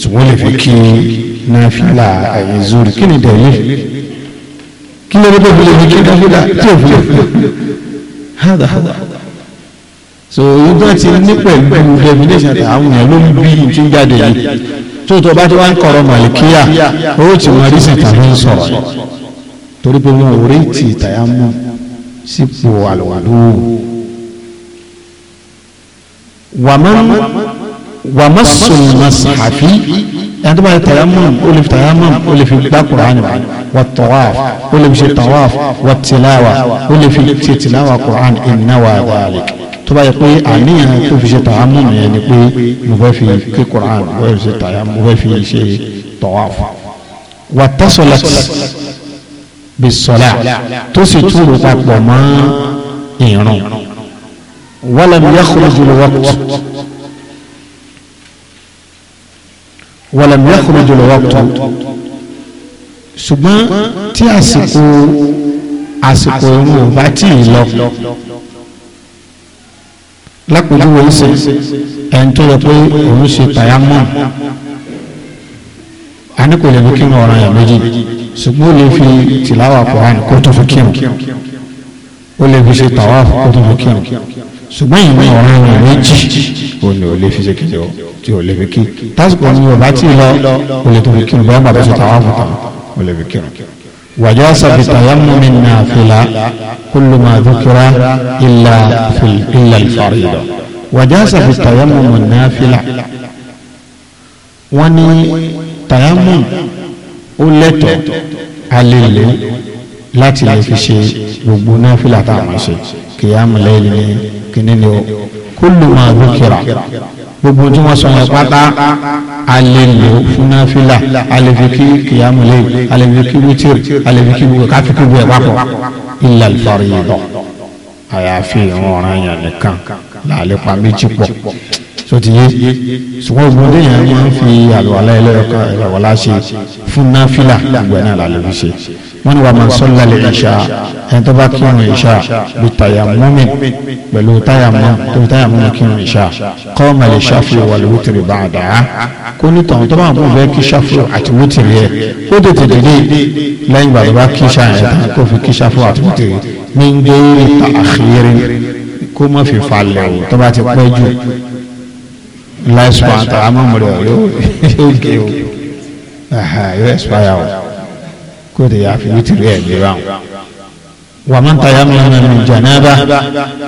ṣùgbọ́n lè fi kí náà fi là ẹ̀yìn zuri kí ni dẹ̀yìn kí ló dé tó lè fi kí náà fi là tí ò fi lè fi là so yóò tó ti ní pẹ̀lú definition àwọn èèyàn ló ń bí tí ń jáde yìí tó tó bá tó wá ń kọ̀rọ̀ màlìkíyà ó ti wọn rí sìn tàbí ń sọ̀rọ̀ torí pé wọn ò rí ti ìtàyà mú sípò àlùwàlù wàmásùn masàfi ẹni bá yẹ tàyámùn ó lè fi tàyámùn ó lè wà tọ́wáf ó lè wà tìláwà ó lè fi ṣe tìláwà kùránì tó bá yẹ pé àníyàn tó fi ṣe tààmù nìyẹn ni pé mo fẹ́ fi ké Quran mo fẹ́ fi ṣe tààmù mo fẹ́ fi ṣe tawaf wà tásọ̀lá bí sọ̀lá tó sì túrò papọ̀ mọ́ ìrun wàlẹ̀ mi yakhruju al-waqt wàlẹ̀ mi yakhruju al-waqt ṣùgbọ́n tí àsìkò àsìkò ìrun bá tì í lọ lápòjúwe ń sè ẹni tó yẹ pé òun ṣe tàyámọ́ a ní kò lè fi kírun ọ̀ràn yà méjì ṣùgbọ́n ó lè fi tìláwà Kùránì kó tó fi kírun ó lè fi ṣe tàwáàfù kó tó fi kírun ṣùgbọ́n ìmọ̀ ọ̀ràn yà méjì ó ní ó lè fi ṣe kìlẹ̀ tí ó lè fi kí tásìkò ní ọ̀bá tí ì lọ ó lè tó fi kírun bẹ́ẹ̀ bàbá ṣe tàwáàfù tàwọn ó lè fi kírun. وجاز بتيمم نافلة كل ما ذكر إلا في إلا الفريضة وجاز بتيمم النافلة وني تيمم ولتو علل láti lè fi ṣe gbogbo náfìlà tá a máa ṣe kìyàmù lẹ́yìn ní kìnìún gbogbo tí wọ́n sọ yẹn pátá a lè lò fún náfìlà a lè fi kí kìyàmùlẹ̀ a lè fi kí wítìrì a lè fi kí gbogbo káfí kí gbogbo ẹ̀ papọ̀ ilà yìí lọ àyàfi ìrún ọ̀ràn yẹn nìkan làálẹ̀ pa méjì pọ̀ so ti yé ṣùgbọ́n ọgbọ́n yẹn máa ń fi àlùwàlá ẹlẹ́yọkọ àlùwàlá ṣe fún náfìlà ìgbà náà làlẹ́ fi ṣe wọ́n ní wà máa sọ lálẹ́ ìṣá ẹni tó bá kírun ìṣá bí tàyà mọ́mì pẹ̀lú táyà mọ́ tó fi táyà mọ́mì kírun ìṣá kọ́ ọmọ lè ṣáfù wàlẹ̀ wútìrì bá a dà á kó ní tọ̀hún tó bá wọn fẹ́ kí ṣáfù àti wútìrì yẹ ó tètè délé lẹ́yìn ìgbà bá kí ṣá yẹn tán kó fi kí ṣáfù àti wútìrì ní ń gbé àkíyèrè kó má fi falẹ̀ tó bá ti pẹ́ jù láì sùpà ń tàrà mọ́mọ́ rẹ̀ yóò gé o yóò ẹ̀sùpáyà o kó o lè yà fi wítìrì ẹ̀ lé báwọn. ومن تيمم من جنابة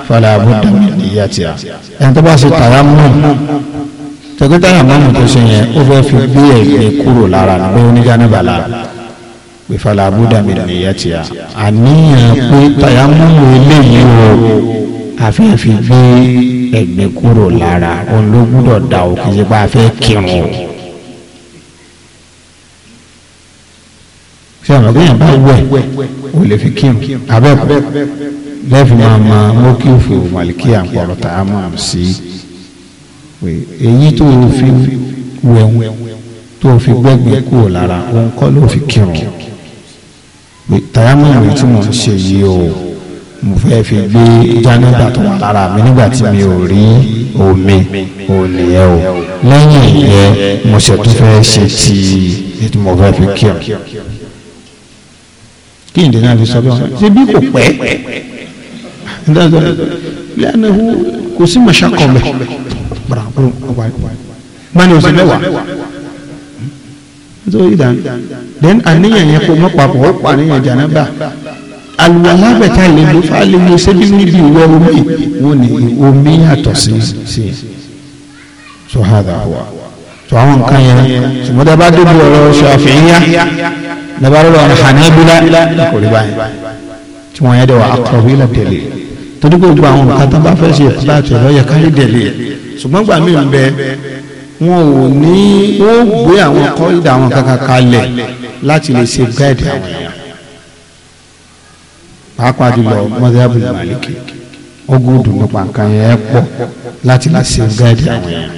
فلا بد من نيتها ẹni tó bá ṣe tàyámù tẹ̀gbẹ́ tàyámù tó ṣe yẹn ó fẹ́ fi gbé ẹ̀gbẹ́ kúrò lára nígbà oníjànàbà lára pé fala buda min niyatiha àníyàn pé tàyámù eléyìí àfẹ́fẹ́ gbé ẹ̀gbẹ́ kúrò lára òun ló gbúdọ̀ dà ó kì í ṣe pé a fẹ́ kírun o. ṣé àwọn akéèyàn bá wẹ̀ o lè fi kírun abẹ́kọ̀ lẹ́fìn máa ma mókè òfin òmàlìkí àpọ̀rọ̀ tá a máa sí èyí tó o fi wẹ̀wẹ̀ tó o fi gbẹ́gbẹ́ kúrò lára òun kọ́ ló fi kírun tàyámọ̀ ìwé tí mo ń ṣe yìí o mo fẹ́ fi gbé jánábà tó wà lára mi nígbà tí mi ò rí omi ònìyẹn o lẹ́yìn ìyẹn mo ṣe tún fẹ́ ṣe ti ètò mo fẹ́ fi kí ọ. kí n dènà fi sọ bí wọn ṣe bí kò pẹ́ lẹ́nu kò sí mọ̀ṣákọ̀ mẹ́ mani o sì mẹ́wàá nítorí ìdáná then àníyàn yẹn kò mọ́ papọ̀ ó pa àníyàn jánábà àlùwàlá bẹ̀tà lèlò fàlèlò ṣẹ́bí níbi ìwọ omi wọn ni omi yàtọ̀ sí sí so hada wa so àwọn nǹkan yẹn ṣùgbọ́n dábàá débi ọ̀rọ̀ ṣàfihàn dábàá lọ́wọ́ àwọn hànábílá kò rí báyìí tí wọ́n yẹn dẹ̀ wà àkọ̀wé là tẹ̀lé torí gbogbo àwọn nǹkan tó bá fẹ́ ṣe ìpàdé àtẹ̀lọ́ yẹ kárí tẹ̀lé ṣùgbọ́n gbà mí bẹ wọn ò ní wọn ò gbé àwọn kọ́ ìdá àwọn kankan kalẹ̀ láti lè ṣe gáàdì àwọn pàápàá jùlọ mọ́sálábù màlìkì ogún ìdùnnú pàǹkan yẹn pọ̀ láti lè ṣe gáàdì àwọn yẹn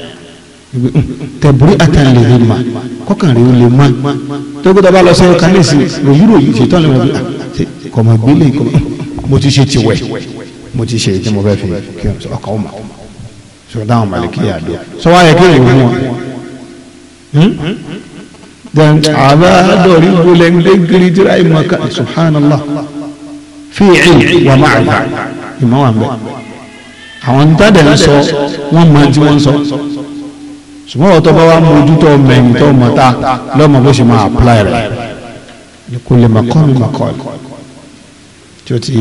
tẹ̀bùrí àtàlẹ̀ yìí mà kọ́kàn rèé lè ma tókè bá lọ sẹ́yìn kánẹ́sì ròyìn ròyìn ṣètò àlẹ́ wọn bí kọ̀mọ̀ gbélé kọ̀mọ̀ mo ti ṣe tiwẹ̀ mo ti ṣe ìdí mo fi kí ọmọ sọ màlìkì sọ wáyé kí hmm? àbá dọ̀rí subhanallah. fi ilm wa ma'rifa ìmọ̀ wà mbẹ́ àwọn ntàdé ń sọ wọ́n mọ tí wọ́n sọ ṣùgbọ́n ọ̀tọ́ bá wà mójútó mẹ́yìn tó mọ̀ta lọ́mọ bó ṣe máa apply rẹ̀ ní kulli maqami maqal tí ó ti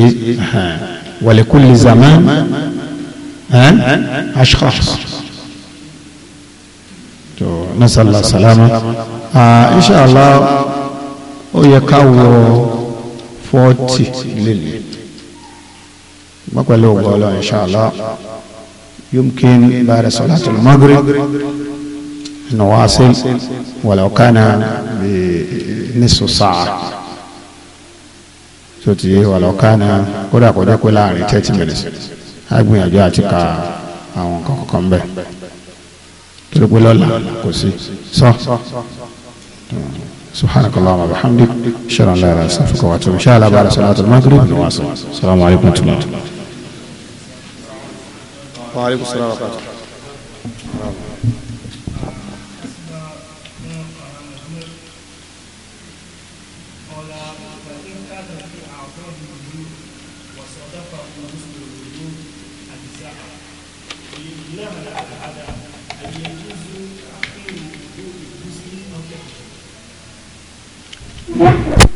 wa li kulli zaman ashkhas tó nasala salama ah, insha ó yẹ ká wọ fọ́ọ̀tì lèlè mọ́pẹ́lẹ́ ògbọ́ ọlọ́ inṣàlá yumkin bára sọ̀látù maghrib nawasil walau kana bi nisu sa'a tó ti yé walau kana kódà kó dẹ́kun láàrin thirty minutes á gbìyànjú àti ka àwọn kankan bẹ́ẹ̀ torí pé lọ́la kò sí sọ. سبحانك اللهم وبحمدك اشهد ان لا اله الا انت استغفرك واتوب ان شاء الله بعد صلاه المغرب نواصل السلام عليكم ورحمه الله وعليكم السلام ورحمه الله Né?